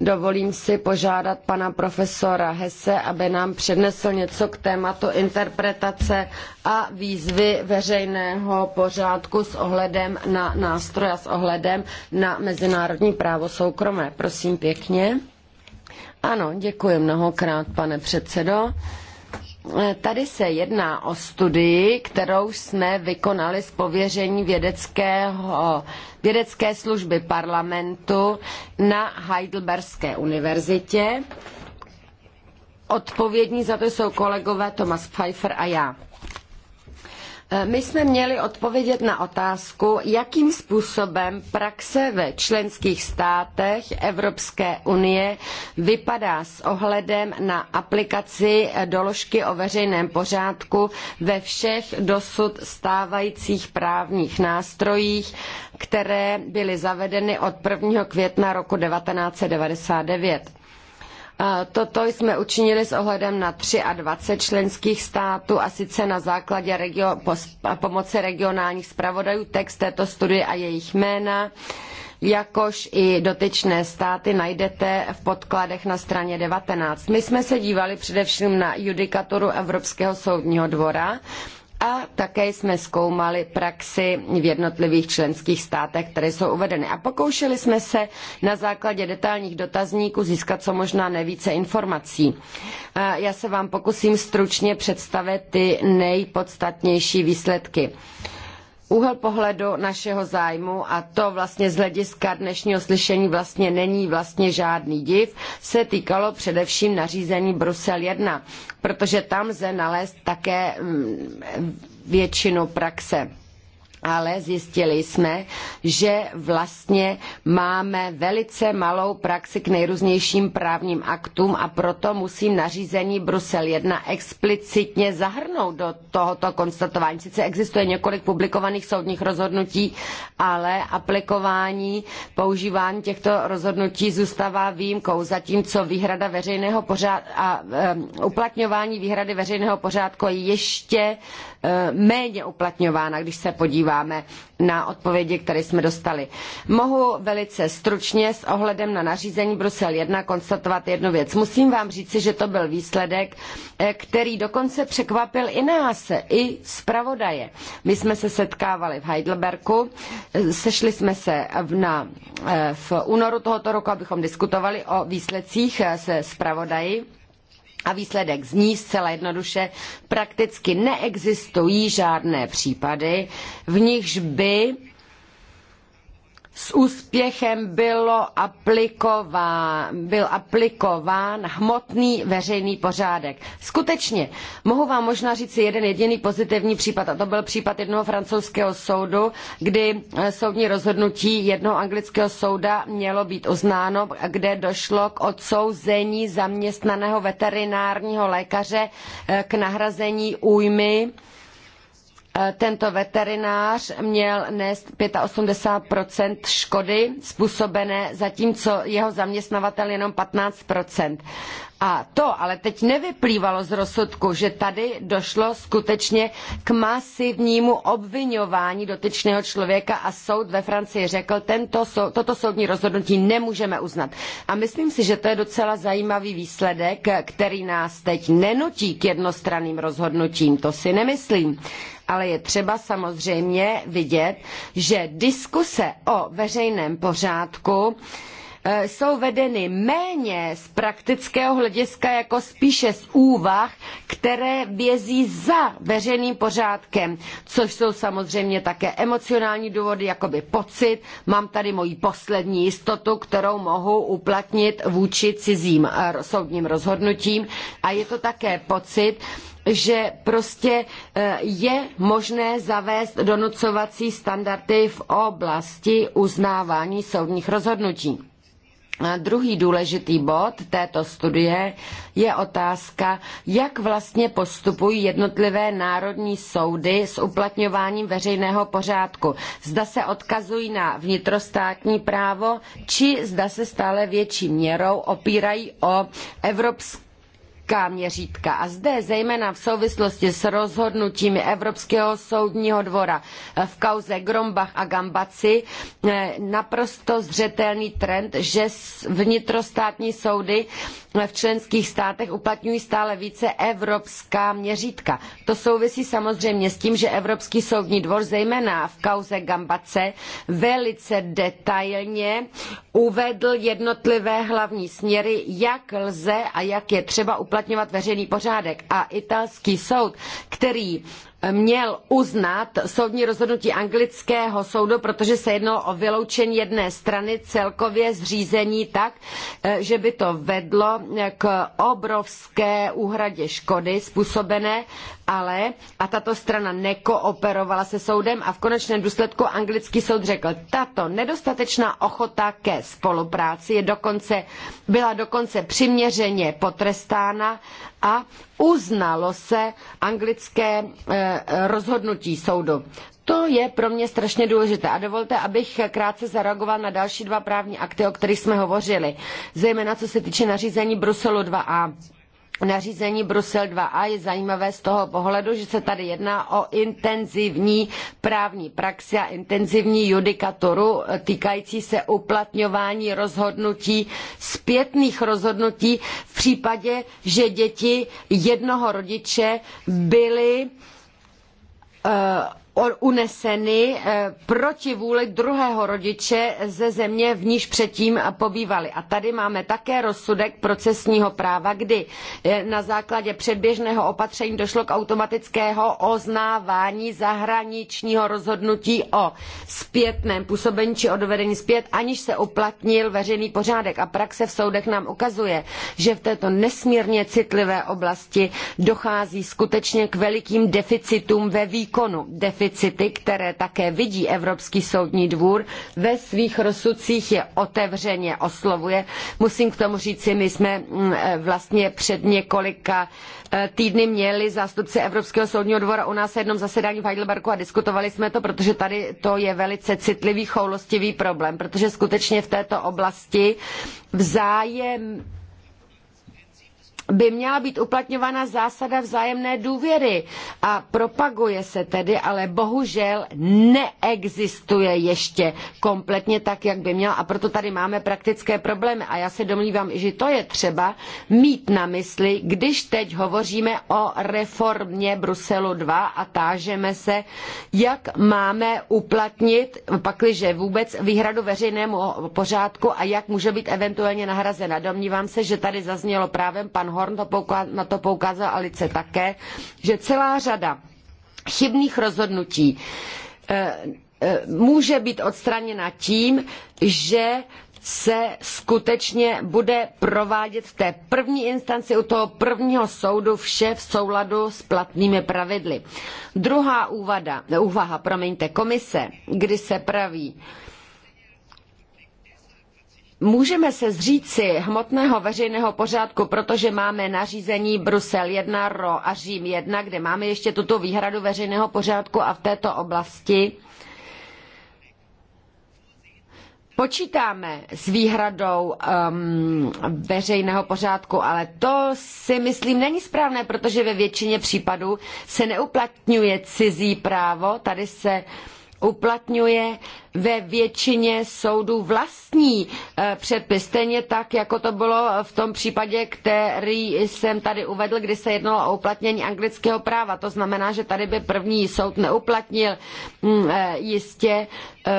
Dovolím si požádat pana profesora Hesse, aby nám přednesl něco k tématu interpretace a výzvy veřejného pořádku s ohledem na nástroje a s ohledem na mezinárodní právo soukromé. Prosím pěkně. Ano, děkuji mnohokrát, pane předsedo. Tady se jedná o studii, kterou jsme vykonali z pověření vědeckého, vědecké služby parlamentu na Heidelberské univerzitě. Odpovědní za to jsou kolegové Thomas Pfeiffer a já. Eh, my jsme měli odpovědět na otázku, jakým způsobem praxe ve členských státech Evropské unie vypadá s ohledem na aplikaci eh, doložky o veřejném pořádku ve všech dosud stávajících právních nástrojích, které byly zavedeny od 1. května roku 1999. Toto jsme učinili s ohledem na 23 členských států a sice na základě regio- pomoci regionálních zpravodajů text této studie a jejich jména jakož i dotyčné státy najdete v podkladech na straně 19. My jsme se dívali především na judikaturu Evropského soudního dvora, a také jsme zkoumali praxi v jednotlivých členských státech, které jsou uvedeny. A pokoušeli jsme se na základě detailních dotazníků získat co možná nejvíce informací. Já se vám pokusím stručně představit ty nejpodstatnější výsledky úhel pohledu našeho zájmu, a to vlastně z hlediska dnešního slyšení vlastně není vlastně žádný div, se týkalo především nařízení Brusel 1, protože tam lze nalézt také mm, většinu praxe ale zjistili jsme, že vlastně máme velice malou praxi k nejrůznějším právním aktům a proto musím nařízení Brusel 1 explicitně zahrnout do tohoto konstatování. Sice existuje několik publikovaných soudních rozhodnutí, ale aplikování, používání těchto rozhodnutí zůstává výjimkou, zatímco výhrada veřejného pořádku a um, uplatňování výhrady veřejného pořádku je ještě Eh, méně uplatňována, když se podíváme na odpovědi, které jsme dostali. Mohu velice stručně s ohledem na nařízení Brusel 1 konstatovat jednu věc. Musím vám říci, že to byl výsledek, eh, který dokonce překvapil i nás, i zpravodaje. My jsme se setkávali v Heidelbergu, eh, sešli jsme se na, v únoru tohoto roku, abychom diskutovali o výsledcích se zpravodaji a výsledek zní zcela jednoduše, prakticky neexistují žádné případy, v nichž by s úspěchem bylo aplikován, byl aplikován hmotný veřejný pořádek. Skutečně, mohu vám možná říct jeden jediný pozitivní případ, a to byl případ jednoho francouzského soudu, kdy eh, soudní rozhodnutí jednoho anglického souda mělo být uznáno, kde došlo k odsouzení zaměstnaného veterinárního lékaře eh, k nahrazení újmy, Eh, tento veterinář měl nést 85 škody způsobené, zatímco jeho zaměstnavatel jenom 15 a to ale teď nevyplývalo z rozsudku, že tady došlo skutečně k masivnímu obvinování dotyčného člověka a soud ve Francii řekl, tento, toto soudní rozhodnutí nemůžeme uznat. A myslím si, že to je docela zajímavý výsledek, který nás teď nenutí k jednostranným rozhodnutím, to si nemyslím ale je třeba samozřejmě vidět, že diskuse o veřejném pořádku e, jsou vedeny méně z praktického hlediska jako spíše z úvah, které vězí za veřejným pořádkem, což jsou samozřejmě také emocionální důvody, jakoby pocit, mám tady moji poslední jistotu, kterou mohu uplatnit vůči cizím e, soudním rozhodnutím a je to také pocit, že prostě eh, je možné zavést donucovací standardy v oblasti uznávání soudních rozhodnutí. A druhý důležitý bod této studie je otázka, jak vlastně postupují jednotlivé národní soudy s uplatňováním veřejného pořádku. Zda se odkazují na vnitrostátní právo, či zda se stále větší měrou opírají o evropské velká měřítka. A zde zejména v souvislosti s rozhodnutími Evropského soudního dvora eh, v kauze Grombach a Gambaci eh, naprosto zřetelný trend, že vnitrostátní soudy v členských státech uplatňují stále více evropská měřítka. To souvisí samozřejmě s tím, že Evropský soudní dvor, zejména v kauze Gambace, velice detailně uvedl jednotlivé hlavní směry, jak lze a jak je třeba uplatňovat veřejný pořádek. A italský soud, který měl uznat soudní rozhodnutí anglického soudu, protože se jednalo o vyloučení jedné strany celkově z řízení tak, eh, že by to vedlo k obrovské úhradě škody způsobené ale a tato strana nekooperovala se soudem a v konečném důsledku anglický soud řekl, tato nedostatečná ochota ke spolupráci je dokonce, byla dokonce přiměřeně potrestána a uznalo se anglické eh, rozhodnutí soudu. To je pro mě strašně důležité a dovolte, abych krátce zareagoval na další dva právní akty, o kterých jsme hovořili, zejména co se týče nařízení Bruselu 2a nařízení Brusel 2a je zajímavé z toho pohledu, že se tady jedná o intenzivní právní praxi a intenzivní judikaturu týkající se uplatňování rozhodnutí, zpětných rozhodnutí v případě, že děti jednoho rodiče byly uh, uneseny eh, proti vůli druhého rodiče ze země, v níž předtím pobývali. A tady máme také rozsudek procesního práva, kdy eh, na základě předběžného opatření došlo k automatického oznávání zahraničního rozhodnutí o zpětném působení či odvedení zpět, aniž se uplatnil veřejný pořádek. A praxe v soudech nám ukazuje, že v této nesmírně citlivé oblasti dochází skutečně k velikým deficitům ve výkonu. Deficit duplicity, které také vidí Evropský soudní dvůr, ve svých rozsudcích je otevřeně oslovuje. Musím k tomu říci, my jsme mm, e, vlastně před několika e, týdny měli zástupce Evropského soudního dvora u nás v jednom zasedání v Heidelbergu a diskutovali jsme to, protože tady to je velice citlivý, choulostivý problém, protože skutečně v této oblasti vzájem by měla být uplatňována zásada vzájemné důvěry a propaguje se tedy, ale bohužel neexistuje ještě kompletně tak, jak by měla a proto tady máme praktické problémy a já se domnívám, že to je třeba mít na mysli, když teď hovoříme o reformě Bruselu 2 a tážeme se, jak máme uplatnit, pakliže vůbec výhradu veřejnému pořádku a jak může být eventuálně nahrazena. Domnívám se, že tady zaznělo právem pan Horn to na to poukázal Alice také, že celá řada chybných rozhodnutí eh, eh, může být odstraněna tím, že se skutečně bude provádět v té první instanci u toho prvního soudu vše v souladu s platnými pravidly. Druhá úvada, úvaha, promiňte, komise, kdy se praví, Můžeme se zříci hmotného veřejného pořádku, protože máme nařízení Brusel 1, RO a Řím 1, kde máme ještě tuto výhradu veřejného pořádku a v této oblasti počítáme s výhradou um, veřejného pořádku, ale to si myslím není správné, protože ve většině případů se neuplatňuje cizí právo, tady se uplatňuje uh, ve většině soudů vlastní eh, předpis, stejně tak, jako to bylo v tom případě, který jsem tady uvedl, kdy se jednalo o uplatnění anglického práva. To znamená, že tady by první soud neuplatnil mm, eh, jistě eh,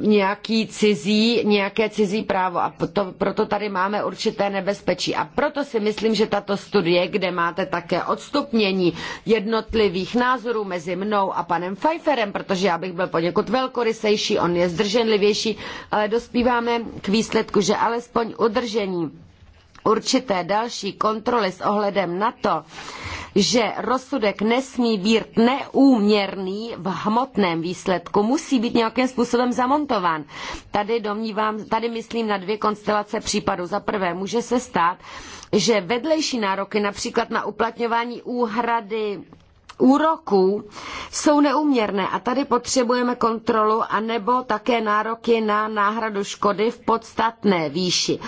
nějaký cizí, nějaké cizí právo a to, proto tady máme určité nebezpečí. A proto si myslím, že tato studie, kde máte také odstupnění jednotlivých názorů mezi mnou a panem Pfeifferem, protože já bych byl poněkud velkorysejší, přísnější, on je zdrženlivější, ale dospíváme k výsledku, že alespoň udržení určité další kontroly s ohledem na to, že rozsudek nesmí být neúměrný v hmotném výsledku, musí být nějakým způsobem zamontován. Tady, domnívám, tady myslím na dvě konstelace případů. Za prvé, může se stát, že vedlejší nároky, například na uplatňování úhrady úroků jsou neuměrné a tady potřebujeme kontrolu anebo také nároky na náhradu škody v podstatné výši.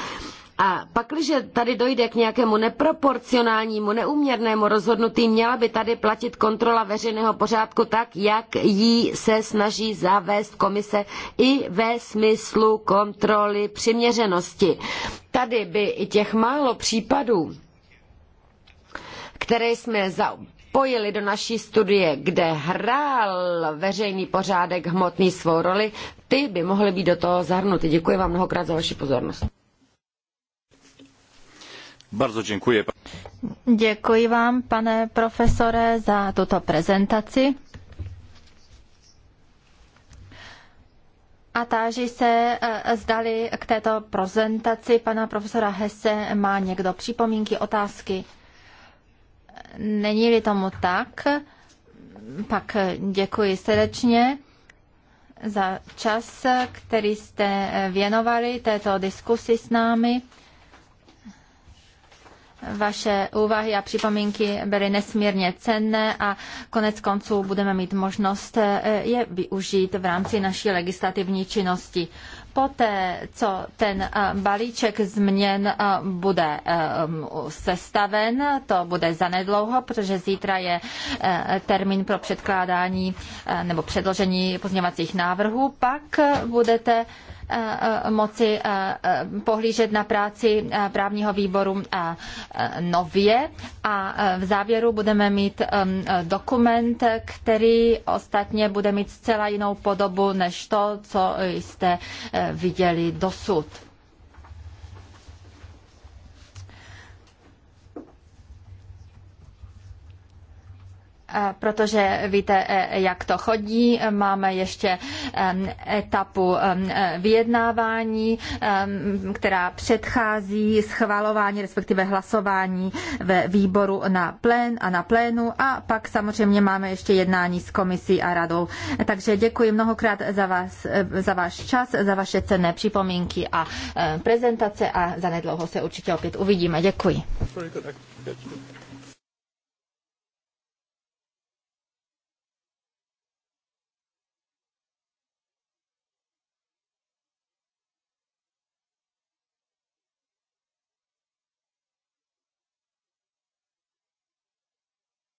A pakliže tady dojde k nějakému neproporcionálnímu, neuměrnému rozhodnutí, měla by tady platit kontrola veřejného pořádku tak, jak ji se snaží zavést komise i ve smyslu kontroly přiměřenosti. Tady by i těch málo případů, které jsme za zapojili do naší studie, kde hrál veřejný pořádek hmotný svou roli, ty by mohly být do toho zahrnuty. Děkuji vám mnohokrát za vaši pozornost. Bardzo děkuji. Děkuji vám, pane profesore, za tuto prezentaci. A táži se, eh, zdali k této prezentaci pana profesora Hesse má někdo připomínky, otázky. Není-li tomu tak, pak děkuji srdečně za čas, který jste věnovali této diskusi s námi. Vaše úvahy a připomínky byly nesmírně cenné a konec konců budeme mít možnost je využít v rámci naší legislativní činnosti poté, co ten eh, balíček změn eh, bude eh, um, sestaven, to bude zanedlouho, protože zítra je termín pro předkládání nebo předložení pozměňovacích návrhů, pak budete Eh, eh, moci eh, pohlížet na práci právního výboru nově a v závěru budeme mít dokument, který ostatně bude mít zcela jinou podobu než to, co jste viděli dosud. Eh, protože víte, eh, jak to chodí. Máme ještě ehm, etapu ehm, eh, vyjednávání, ehm, která předchází schvalování, respektive hlasování ve výboru na plén a na plénu a pak samozřejmě máme ještě jednání s komisí a radou. Takže děkuji mnohokrát za, vás, za váš čas, za vaše cenné připomínky a prezentace a zanedlouho se určitě opět uvidíme. Děkuji.